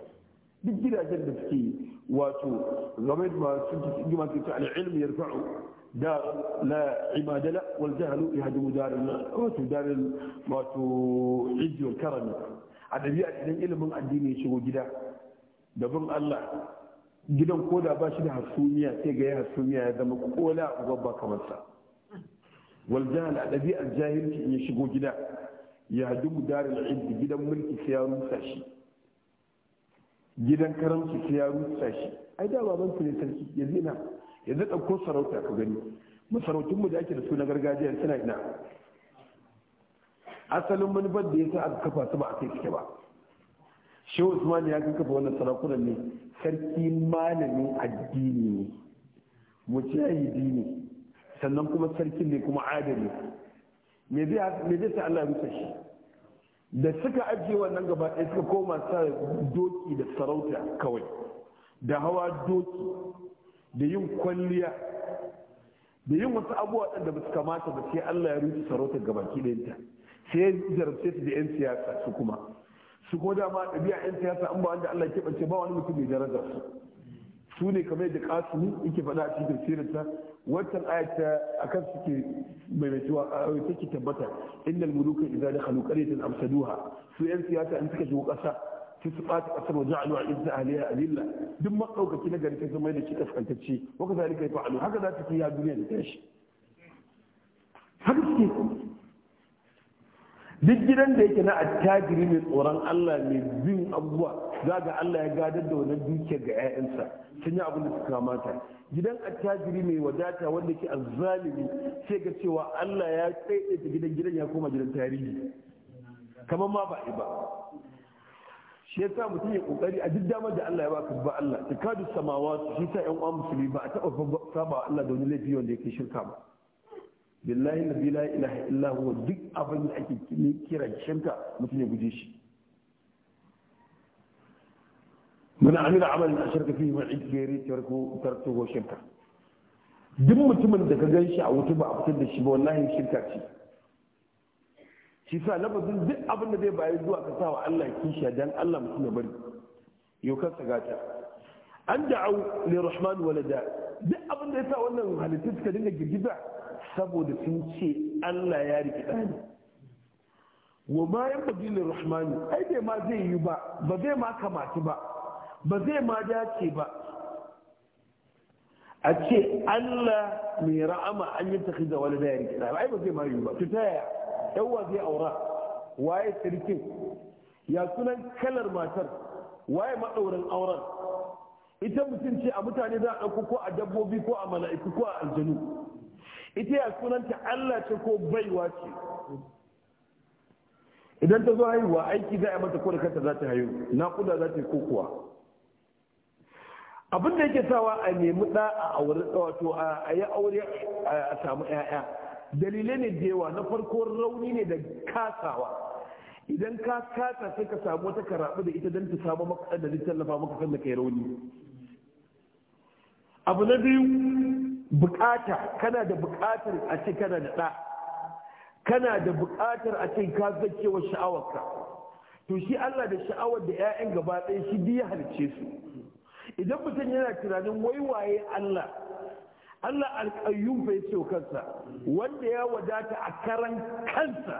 duk gidajen da suke wato game da masu gima ke ta al'ilmi yarfa'u da la ibadala wal jahlu yahdu dar wato dar wato ijji wal karami a dabi'a idan ilimin addini ya shigo gida da bin Allah gidan koda ba shi da hasumiya sai ga ya hasumiya ya zama kola gobba kamar sa wal jahl a dabi'ar jahilci ya shigo gida ya dubu darin ilmi gidan mulki sai ya rusa shi gidan karamci sai ya rusa shi ai da baban su ne sarki ya zina yanzu ɗauko sarauta ka gani masarautunmu da ake da su na gargajiya suna ina asalin manufar da ya sa aka kafa su ba a kai suke ba shehu usman ya kan kafa wannan sarakunan ne sarki malamin addini ne mu yi dini. sannan kuma sarkin ne kuma adali me zai sa Allah ya shi da suka ajiye wannan gaba ɗaya suka koma sa doki da sarauta kawai da hawa doki da yin kwalliya da yin wasu abubuwa waɗanda ba su kamata ba sai Allah ya rufe sarautar ga baki ɗayanta sai ya jarabce su da 'yan siyasa su kuma su kuma dama ɗabi'a 'yan siyasa an ba wanda Allah ya keɓance ba wani mutum mai daraja su su ne kamar yadda kasumi yake faɗa a cikin tafsirinsa wancan ayata akan suke maimaituwa a take tabbata innal muluka idza dakhalu qaryatan duha su 'yan siyasa in suka shigo ƙasa sai su ɓata ƙasar waje alu a liya a lilla duk maɗaukaki na gari sai su mai da shi kaskantacce za a rika ya fa'alu haka za ta fi ya duniya da tashi haka suke duk gidan da yake na attajiri mai tsoron Allah mai bin abubuwa za ga Allah ya gadar da wannan dukiyar ga 'ya'yansa sun yi abin da suka kamata gidan attajiri mai wadata wanda ke azzalimi sai ga cewa Allah ya tsaye gidan gidan ya koma gidan tarihi kamar ma ba ba shi yasa mutum ya kokari a duk damar da Allah ya baka ba Allah tikadu samawa shi sa ƴan uwan musulmi ba a taɓa saba Allah da wani laifi wanda yake shirka ba billahi nabi la ilaha illa huwa duk abin da ake kira shirka mutum ya guje shi من عمل عملا اشرك فيه من عند غيري تركه تركه shirka duk mutumin da ka ganshi a wuta ba a fitar da shi ba wallahi shirka ce shi sa lafazin duk abin da zai bayi zuwa ka sawa Allah kisha dan Allah mutum ya bari yau kan sagata an da'au li rahman walada duk abin da ya sa wannan halittu suka dinga girgiza saboda sun ce Allah ya riki ɗani wa ma yan bagi li ai bai ma zai yi ba ba zai ma kamaci ba ba zai ma dace ba a ce Allah mai ra'ama an yi tafi da walada ya riki ɗani ai ba zai ma yi ba ta yaya yawwa zai aura waye sirke ya sunan kalar matar waye maɗaurin auren ita mutum ce a mutane za a ɗauko ko a dabbobi ko a mala'iku ko a aljanu ita ya sunanta Allah ce ko baiwa ce idan ta zo haihuwa aiki za a yi mata ko da kanta za ta haihu naƙuda za ta yi ko kuwa abin da yake sawa a nemi ɗa a aure wato a yi aure a samu 'ya'ya dalilai ne da yawa na farko rauni ne da kasawa idan ka kasa sai ka samu wata karabu da ita don ta samu makasar da zai tallafa maka kan da kai rauni abu na biyu bukata kana da bukatar a ce kana da ɗa kana da bukatar a ce ka wa sha'awarka to shi Allah da sha'awar da 'ya'yan gaba ɗaya shi biya halice su idan mutum yana tunanin waiwaye Allah Allah alƙayyum bai ce kansa wanda ya wadata a karan kansa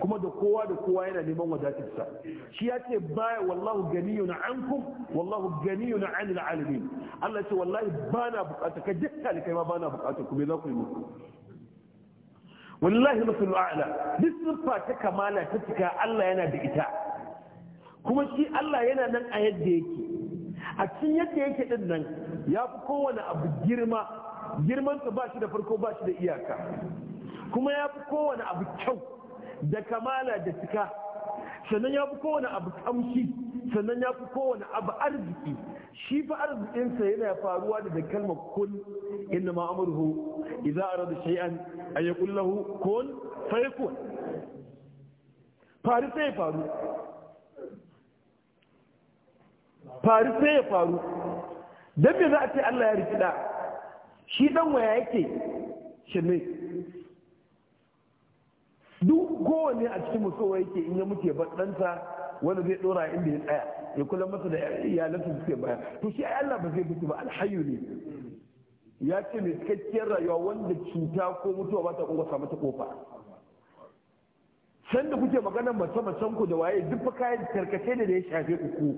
kuma da kowa da kowa yana neman wadatarsa shi ya ce baya wallahu na ankum wallahu ganiyun anil alamin Allah ce wallahi bana bukata ka dukkan kai ma bana bukata ku me za ku yi muku wallahi masul a'la duk siffa ta kamala ta cika Allah yana da ita kuma shi Allah yana nan a yadda yake a cikin yadda yake din nan ya fi kowane abu girma girmansa ba shi da farko ba shi da iyaka kuma ya fi kowane abu kyau da kamala da cika sannan ya fi kowane abu kamshi sannan ya fi kowane abu arziki shi fa arzikinsa yana faruwa da kalmar kun inda ma'amurhu amurhu a rada shay'an a yaqul kullahu kun fayakun faru sai faru faru sai faru don me za a ce Allah ya rikida shi dan waya yake shirme duk kowane a cikin mutuwa yake in ya mutu ya ɗansa wanda zai ɗora inda ya tsaya ya kula masa da iyalansa suke baya to shi Allah ba zai mutu ba alhayu ne ya ce mai cikakkiyar rayuwa wanda cuta ko mutuwa ba ta samu ta kofa san da kuke magana mace macen ku da waye duk kayan tarkace ne da ya shafe uku.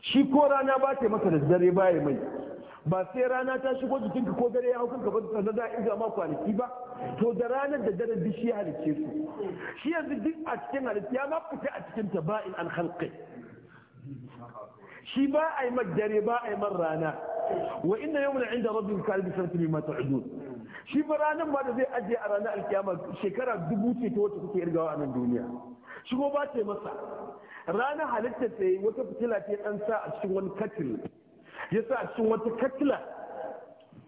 shi ko rana ba ta masa da dare baya mai ba sai rana ta shigo jikinka ko dare ya hukunka ba da za a inga ma kwanaki ba to da ranar da daren duk shi halicce su shi yanzu duk a cikin halitta ya ma fita a cikin ta ba in an halkai shi ba a yi man dare ba a yi man rana wa inna yawmun inda rabbika kalbi sarfi mata ta'udun shi ba ranar ma da zai ajiye a ranar alkiyama shekara dubu ce ta wacce kuke irgawa a nan duniya shigo ba ce masa ranar halittar ta yi wata fitila ce ɗan sa a cikin wani katil ya sa cikin wata kakila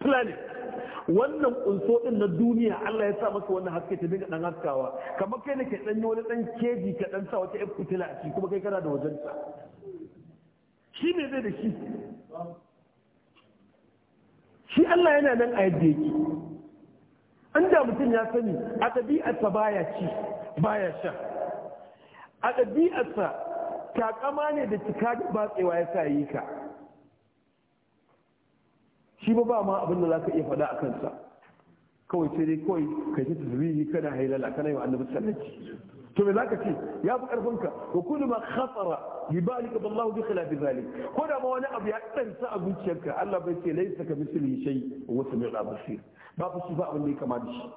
planet wannan kunso din na duniya Allah ya sa masa wannan haske ta dinga dan haskawa kamar kai nake dan wani dan keji ka dan sa wata fitila a ciki kuma kai kana da wajen sa shi ne zai da shi shi Allah yana nan a yadda yake an da mutum ya sani a ɗabi'arsa baya ci baya sha a ɗabi'arsa takama ne da cika da batsewa ya sa yi ka shi ba ba ma abin da za ka iya faɗa a kansa kawai sai dai kawai ka ji tasbihi kana hailala kana yi wa annabi sallaci to me zaka ce ya fi karfinka wa kullu ma khatara bi balika wallahu bi khilaf zalik ko da ma wani abu ya tsanta a zuciyarka Allah bai ce laysa ka misli shay wa sami'u basir babu shi ba abin da ya kama da shi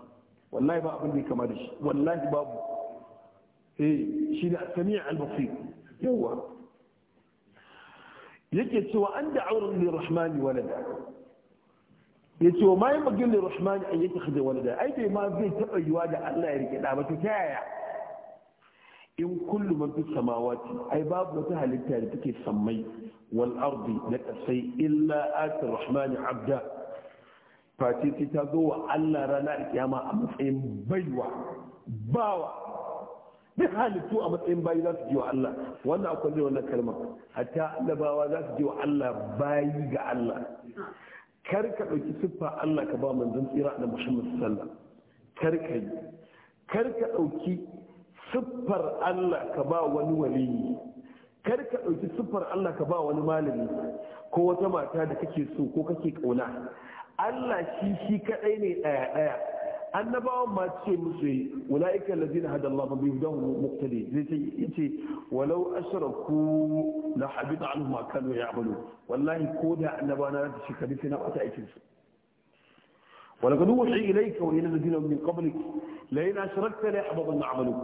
wallahi ba abin da ya kama da shi wallahi babu eh shi ne as-sami' al-basir yawa yake cewa an da'awru lirrahmani walada ya ce wa ma yi magin da rahmani an yake hajji wani da ai bai ma zai taɓa yiwa da allah ya rike da ba ta yaya in kullu man fi samawati ai babu wata halitta da take sammai wal ardi na kasai illa ati rahmani abda face sai ta zo wa allah rana da kiyama a matsayin baiwa bawa duk halittu a matsayin bayi za su ji wa Allah wannan akwai ne wannan kalmar hatta annabawa za su ji wa Allah bayi ga Allah kar ka ɗauki siffa Allah ka ba manzon tsira da Muhammad sallallahu kar ka yi kar ka ɗauki siffar Allah ka ba wani waliyi kar ka ɗauki siffar Allah ka ba wani malami ko wata mata da kake so ko kake ƙauna Allah shi shi kaɗai ne ɗaya ɗaya annabawan ma ce musu yi ula'ika lazina hada Allah bi hudahu muqtadi zai yace walau ashraku la habita anhum ma kanu ya'malu wallahi ko da annaba na da shi kadi na wata aikin su ولقد وحي إليك وإلى الذين من قبلك لئن أشركت ليحبطن عملك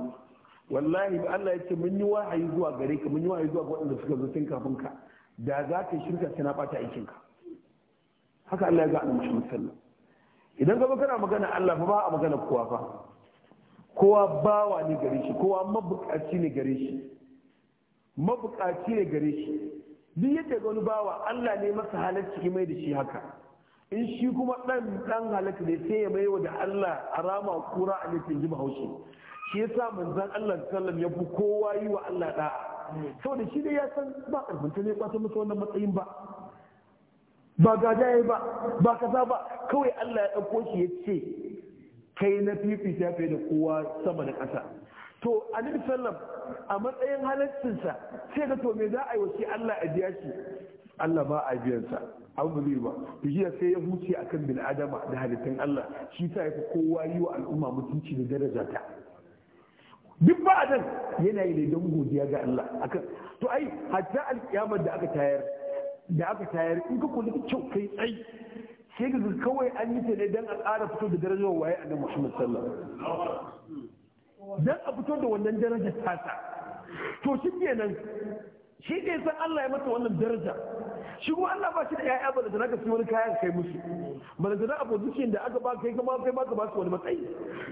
والله الله يتي من واحد يزوى غريك من واحد يزوى قوة أنك زوتين كافنك دا ذاك الشركة سنابات أيكينك هكا الله يقع محمد صلى الله عليه وسلم idan ka kana magana Allah fa ba a magana kowa fa kowa bawa ne gare shi kowa mabukaci ne gare shi mabukaci ne gare shi duk yadda ga wani bawa Allah ne masa halarci mai da shi haka in shi kuma dan dan halacci ne sai ya mai da Allah arama kura a nufin ji haushi shi yasa manzon Allah wasallam ya fi kowa yi wa Allah da'a saboda shi ne ya san ba karfin ta ne kwata masa wannan matsayin ba ba gada ya ba ba kaza ba kawai Allah ya ɗauko shi ya ce kai na fifita fiye da kowa sama da ƙasa to annabi sallam a matsayin sa sai ga to me za a yi wa shi Allah a biya shi Allah ba a biyan sa abu ba to sai ya huce akan bin adama da halittun Allah shi ta yafi kowa yi wa al'umma mutunci da daraja ta duk ba adan yana yi ne don godiya ga Allah akan to ai hatta alkiyamar da aka tayar da aka tayar in ka kula kyau kai tsayi sai ga kawai an yi ta ne don a ƙara fito da darajar waye a nan muhammad sallallahu don a fito da wannan darajar tasa to shi kenan shi ne san Allah ya mata wannan daraja shi kuma Allah ba shi da ya'ya ba da zana ka wani kayan kai musu ba da zana abu zuciyar da aka ba kai kuma kai ba ka ba su wani matsayi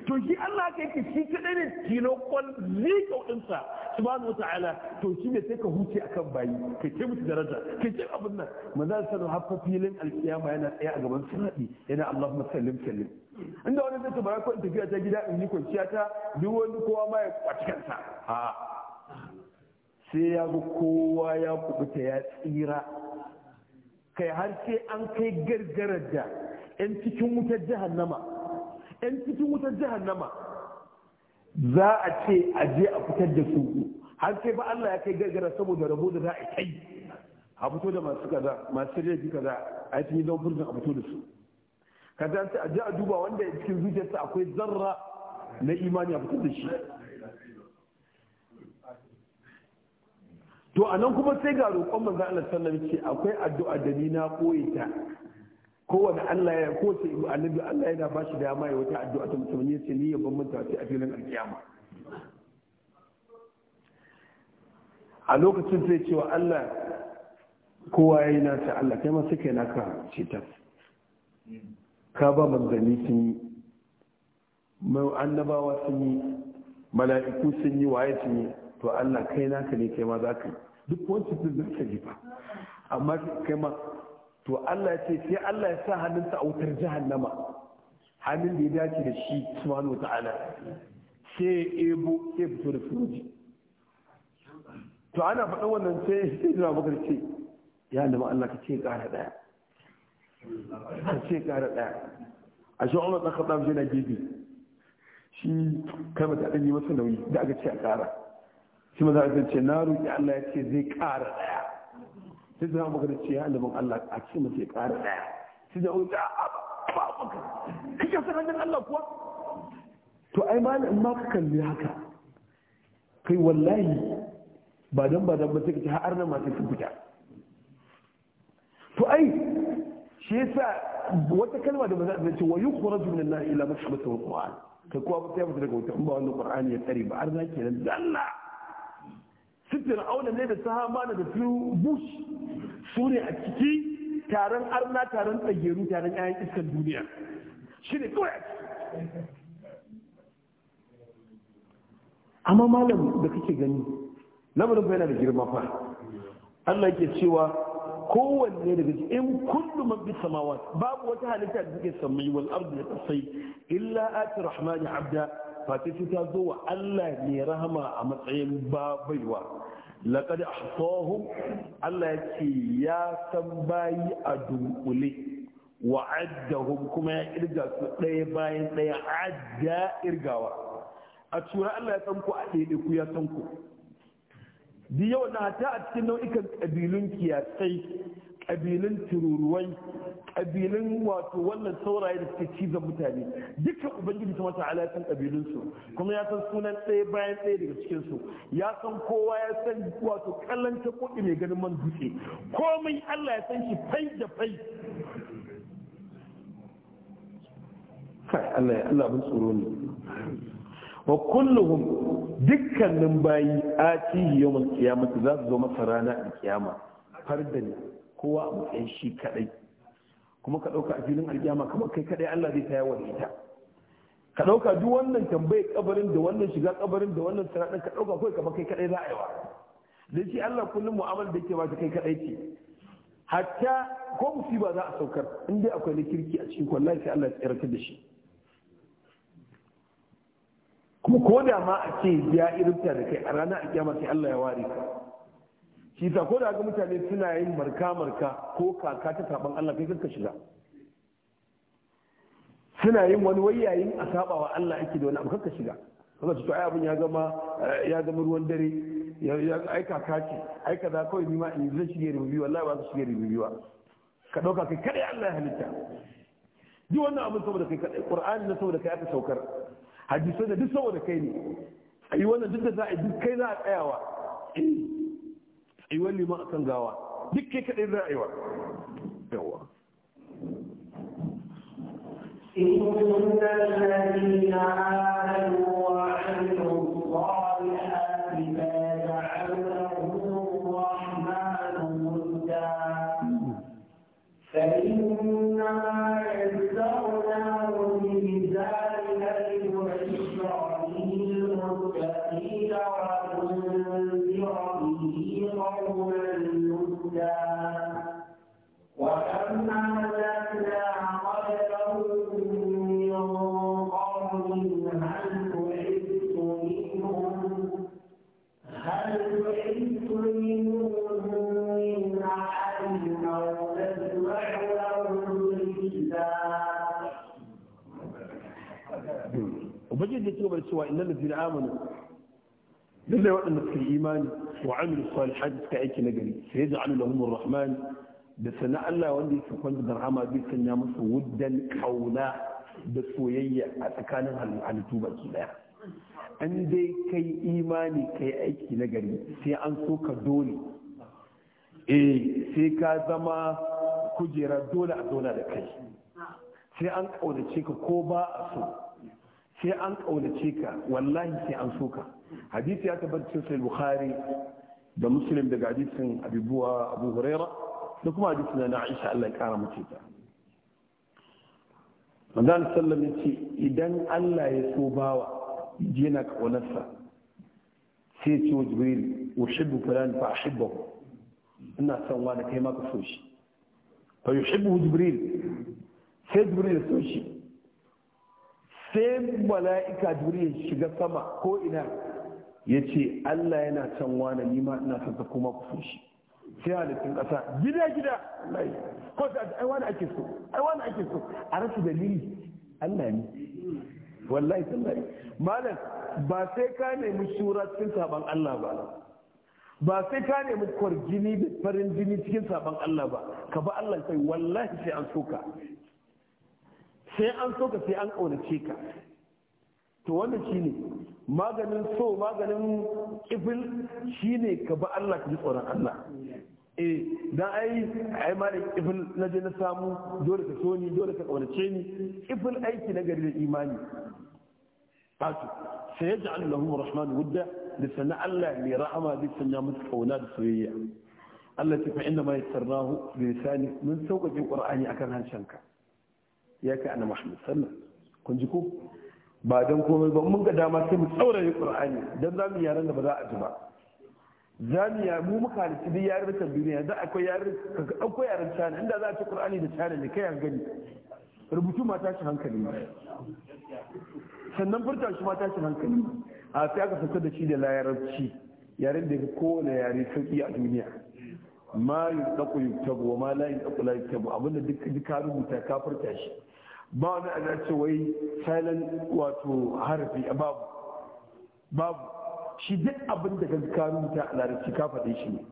to shi Allah ka ka shi kadai ne tilo kon zikau ɗinsa subhanahu wata'ala to shi ne sai ka huce akan bayi kai ce musu daraja kai ce abin nan maza sanin haffa filin alkiyama yana tsaye a gaban sirri yana Allahumma sallim sallim inda wani zai ta bara ko tafiya ta gida in yi kwanciya ta duk wani kowa ma ya kwaci kansa sai ya bi kowa ya kubuta ya tsira kai har sai an kai gargarar da 'yan cikin wutar jahannama 'yan cikin wutar jahannama za a ce a je a fitar da su har sai ba Allah ya kai gargara saboda rabo da za a kai a fito da masu kaza masu laifi kaza a yi cikin don a fito da su kaza sai a je a duba wanda cikin zuciyarsa akwai zarra na imani a fitar da shi to anan kuma sai ga roƙon manzon Allah sallallahu alaihi wasallam akwai addu'a da ni na koyi ta Allah ya ko ce annabi Allah yana ba shi dama ya wata addu'a ta musamman ya ce ni ya ban manta a filin alkiyama a lokacin sai cewa Allah kowa ya yi nata Allah kai ma sai kai naka ta ka ba manzanni sun yi annabawa sun yi mala'iku sun yi waye sun yi to Allah kai naka ne kai ma za ka yi duk wancan sun za ka jefa amma kai ma to Allah ya ce sai Allah ya sa hannunsa a wutar jahannama hannun da ya dace da shi subhanahu ta'ala sai ya ebo sai fito da soji to ana faɗin wannan sai sai jira bakar ce ya nama Allah ka ce ƙara ɗaya ka ce ƙara ɗaya a shi Umar ɗan Khattab na gefe shi kalmar ta ɗan yi masa nauyi da aka ce a ƙara shi maza a ce na roƙi Allah ya ce zai ƙara ɗaya sai ta hama kada ce ya annabin Allah a ce mace ya ƙara ɗaya sai da wani ba maka kake san hannun Allah kuwa to ai ma in ma ka kalli haka kai wallahi ba dan ba dan ba sai ka ce har nan ma sai sun fita to ai shi yasa wata kalma da ba za a ce wa yukhraju min an-nar ila mashabatu al-qur'an kai kuwa ba sai mutu daga wuta in ba wannan qur'ani ya tsare ba arna da Allah. su fir'auna ne da na da su bush su ne a ciki taron arna taron tsageru taron 'ya'yan iskan duniya shi ne kawai amma malam da kake gani lamarin yana da girma fa Allah ke cewa kowanne daga in kullu man bis samawat babu wata halitta da take samai wal ardi ta sai illa ati rahmani abda face ta zo wa Allah mai rahama a matsayin babaiwa a ahsahum Allah ya ce ya san bayi a dunkule wa addahum kuma ya ƙirga su ɗaya bayan ɗaya adda irgawa a tura Allah ya san ku a ɗaiɗe ku ya san ku di yau na ta a cikin nau'ikan ƙabilun kiyasai ƙabilun tururuwai ƙabilun wato wannan sauraye da suke cizon mutane dukkan ubangiji ta mata alaƙin ƙabilunsu kuma ya san sunan ɗaya bayan ɗaya daga cikinsu ya san kowa ya san wato ƙalanta ta kuɗi mai ganin man dutse komai allah ya san shi fai da fai kai allah ya allah tsoro ne wa kulluhum dukkanin bayi za su zo masa rana a kiyama fardani kowa a matsayin shi kadai kuma ka ɗauka a filin alkiyama kamar kai kadai Allah zai yawa wa ita ka ɗauka duk wannan tambayar kabarin da wannan shiga kabarin da wannan sanadin ka dauka kawai kamar kai kadai za a yi wa dan shi Allah kullum mu'amala da yake ba ta kai kadai ce hatta ko ba za a saukar in dai akwai na kirki a cikin wallahi sai Allah ya tsiratar da shi kuma ko da ma a ce ya irinta da kai a ranar alkiyama sai Allah ya ware ka shi ta ko da ga mutane suna yin marka marka ko kaka ta saban Allah kai kanka shiga suna yin wani wayayin a wa Allah ake da wani abu kanka shiga kaga to ai abun ya zama eh, ya zama ruwan dare ya ai kaka ce ai kaza kawai ni ma in zan shige rubi wallahi ba su shige rubi ba ka dauka kai kada Allah ya halitta duk wannan abin saboda kai kadai qur'ani ne saboda kai aka saukar hadisi ne duk saboda kai ne ayi wannan duk da za a duk kai za a tsayawa eh. wani liman akan gawa duk kai kaɗai za yi wa yawa إن الذين آمنوا gaba da cewa innal ladzina amanu lalle waɗanda suka yi imani wa amilu salihati suka aiki nagari sai ja'alu lahum ar-rahman da sana Allah wanda yake kwanta da rahama zai sanya musu wuddan kauna da soyayya a tsakanin halittu baki daya an dai kai imani kai aiki nagari sai an so ka dole eh sai ka zama kujera dole a zauna da kai sai an kaunace ka ko ba a so sai an ƙaunace ka wallahi sai an so ka hadisi ya tabbata cikin sai bukhari da muslim daga hadisin abubuwa abu huraira da kuma hadisin na aisha allah ya kara mace ta manzan sallam ya ce idan allah ya so bawa yana ƙaunarsa sai ce wa jibril wa shibbu fulan fa ashibbahu ina son wani kai ma ka so shi fa yushibbu jibril sai jibril ya so shi sai mala'ika duri ya shiga sama ko ina ya ce Allah yana can wane nima ina son ta kuma ku shi sai halittun ƙasa gida gida Allah ko ta ai wani ake so ai wani ake so a rasu dalili Allah ne wallahi tallahi malam ba sai ka nemi shura cikin saban Allah ba ba sai ka nemi kwarjini da farin jini cikin saban Allah ba ka ba Allah sai wallahi sai an soka sai an so ka sai an ƙaunace ka to wannan ne maganin so maganin shi ne ka ba Allah ka ji tsoron Allah eh da ai ai ma da kifil na je na samu dole ka so ni dole ka ƙaunace ni kifil aiki na gari da imani wato sai ya ja'al lahum rahman wudda da sanan Allah mai rahama zai sanya musu kauna da soyayya Allah ta fa inna ma yassarnahu bi lisani mun sauƙaƙe Qur'ani akan ka. ya kai annabi Muhammad sallallahu kun ji ko ba dan komai ba mun ga dama sai mu tsauraye Qur'ani dan zamu yaran da ba za a ji ba zamu ya mu muka da yaran da duniya da akwai yaran ka dauko yaran tana inda za a ci Qur'ani da tana ne kai an gani rubutu ma tashi hankali sannan furta shi ma tashi hankali a sai aka fitar da shi da layarci yaren da kowane yare sauki a duniya ma yi tsakuyi tabo ma la yi ɗaku tabo abinda duk ka rubuta ka furta shi ba wani a ce wai silent wato harfi babu babu shi duk abin da ka rubuta a larabci ka faɗe shi ne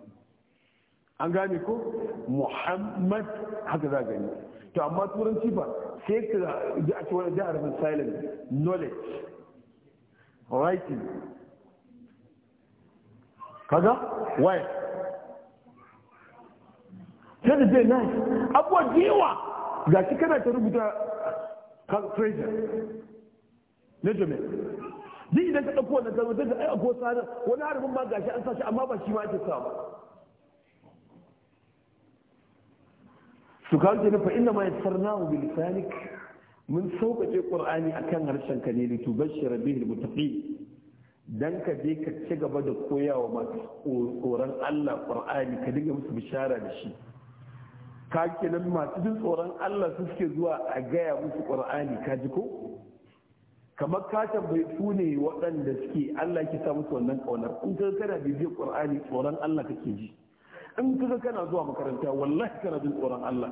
an gane ko muhammad haka za gani to amma turanci ba sai ka ji a cewa da harfin silent knowledge writing kaga why sai da zai nice abuwa jiwa yawa ga shi kana ta rubuta treasure measurement duk idan ka ɗauko wannan kalmar daga ai a ko sanar wani harafin ma gashi an sashi amma ba shi ma ake samu su kawo kenan fa inna ma yassarnahu bi lisanik mun sauƙaƙe qur'ani akan harshen ka ne litubashshira bihi almuttaqin dan ka je ka ci gaba da koyawa masu tsoron Allah ƙur'ani ka dinga musu bishara da shi ka kenan masu jin tsoron Allah su suke zuwa a gaya musu ƙur'ani ka ji ko kamar ka tambayi su ne waɗanda suke Allah ke sa musu wannan ƙaunar in ka kana bibiyar ƙur'ani tsoron Allah kake ji in ka kana zuwa makaranta wallahi kana jin tsoron Allah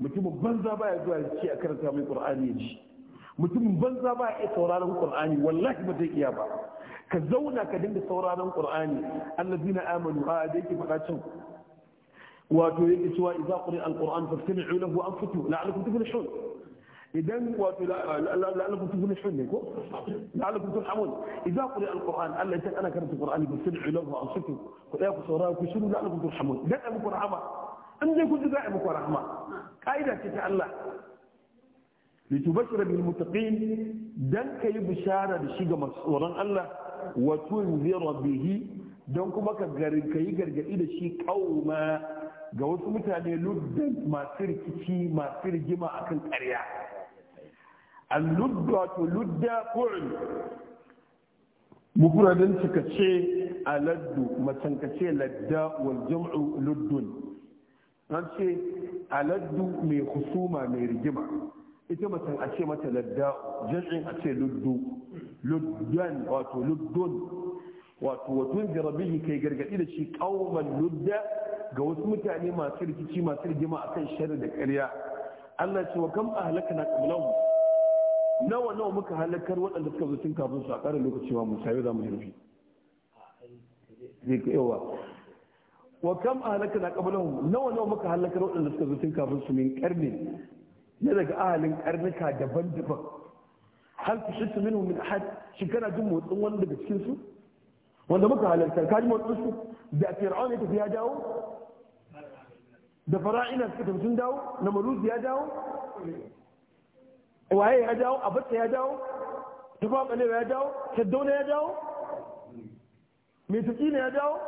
mutumin banza baya zuwa ya ce a karanta mai ƙur'ani ya ji mutumin banza baya iya sauraron ƙur'ani wallahi ba zai iya ba ka zauna ka dinga sauraron ƙur'ani allazina amanu a da yake faɗa وجويد سواء إذا قرئ القرآن فاستمعوا له وأنفتوا لعلكم تفلحون اذا وجو... لعلكم تفلحون لعلكم ترحمون إذا قرئ القرآن قال يسال أنا كرمت القرآن فاستمعوا له وأنفتوا وإياكم صوراء وكسروا لعلكم ترحمون دائم أبوك رحمة أنت كنت دائم أبوك رحمة قائدة تتعلى لتبشر بالمتقين دنك يبشار بشيء مصورا الله وتنذر به دنك مكا غريب كي غريب إلى شيء قوما ga wasu mutane luddan masu rikici masu rigima akan karya. al-ludda wato ludda fu'l mufradin suka ce laddu macen ka ce ladda wal jam'u luddun an ce a laddu mai husuma mai rigima ita macen a ce mata ladda jam'in a ce luddu luddan wato luddun wato watun jarabihi kai gargadi da shi kauman ludda ga wasu mutane masu rikici masu rigima akan sharri da karya Allah ce wa kam na qablahum nawa nawa muka halakar waɗanda suka zo tun kafin su a ƙara lokaci wa musayi za mu yi zai yawa wa kam ahlakna qablahum nawa nawa muka halakar waɗanda suka zo tun kafin su min karni na daga ahalin karnuka daban-daban hal tushittu minhum min ahad shi kana jin motsin wani daga cikinsu? su wanda muka halarta kaji motsinsu da fir'aun ya tafi ya dawo da fara'ina suka tafi sun dawo na maluzi ya dawo waye ya dawo abatta ya dawo tafafalewa ya dawo shaddauna ya dawo mai tukina ya dawo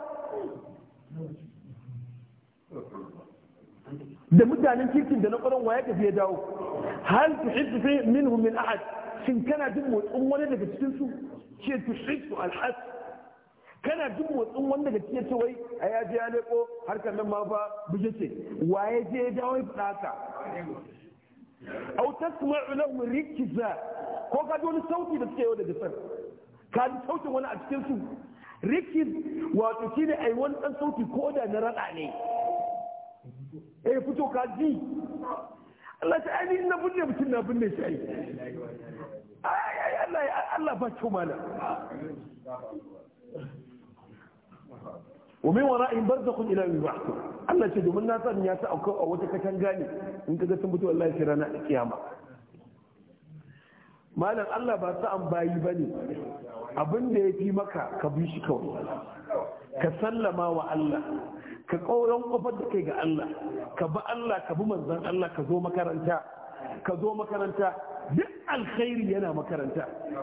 da mutanen kirkin da na ƙwaron waye tafi ya dawo hal tuhiddu fi minhum min ahad shin kana jin motsin wani daga cikin su ce tuhiddu alhas kana duk motsin wanda da ke ce wai a ya je ya leko harkar nan ma fa buje ce ya je ya dawo ya fada haka au tasma'u lahum rikza ko ka ji wani sauti da suke yau da gasar ka ji sautin wani a cikin su rikiz wato shine ai wani dan sauti ko da na rada ne e fito ka ji Allah ta ainihin na binne mutum na binne shi ai ai Allah ba kyau mana wa min wara'in barzakhun ila yawm yub'athun Allah ce domin na san ya sa a wata katanga ne in kaga sun fito wallahi na rana kiyama malam Allah ba sa'an bayi bane abin da ya fi maka ka bi shi kawai ka sallama wa Allah ka kauran kofar da kai ga Allah ka bi Allah ka bi manzon Allah ka zo makaranta ka zo makaranta duk alkhairi yana makaranta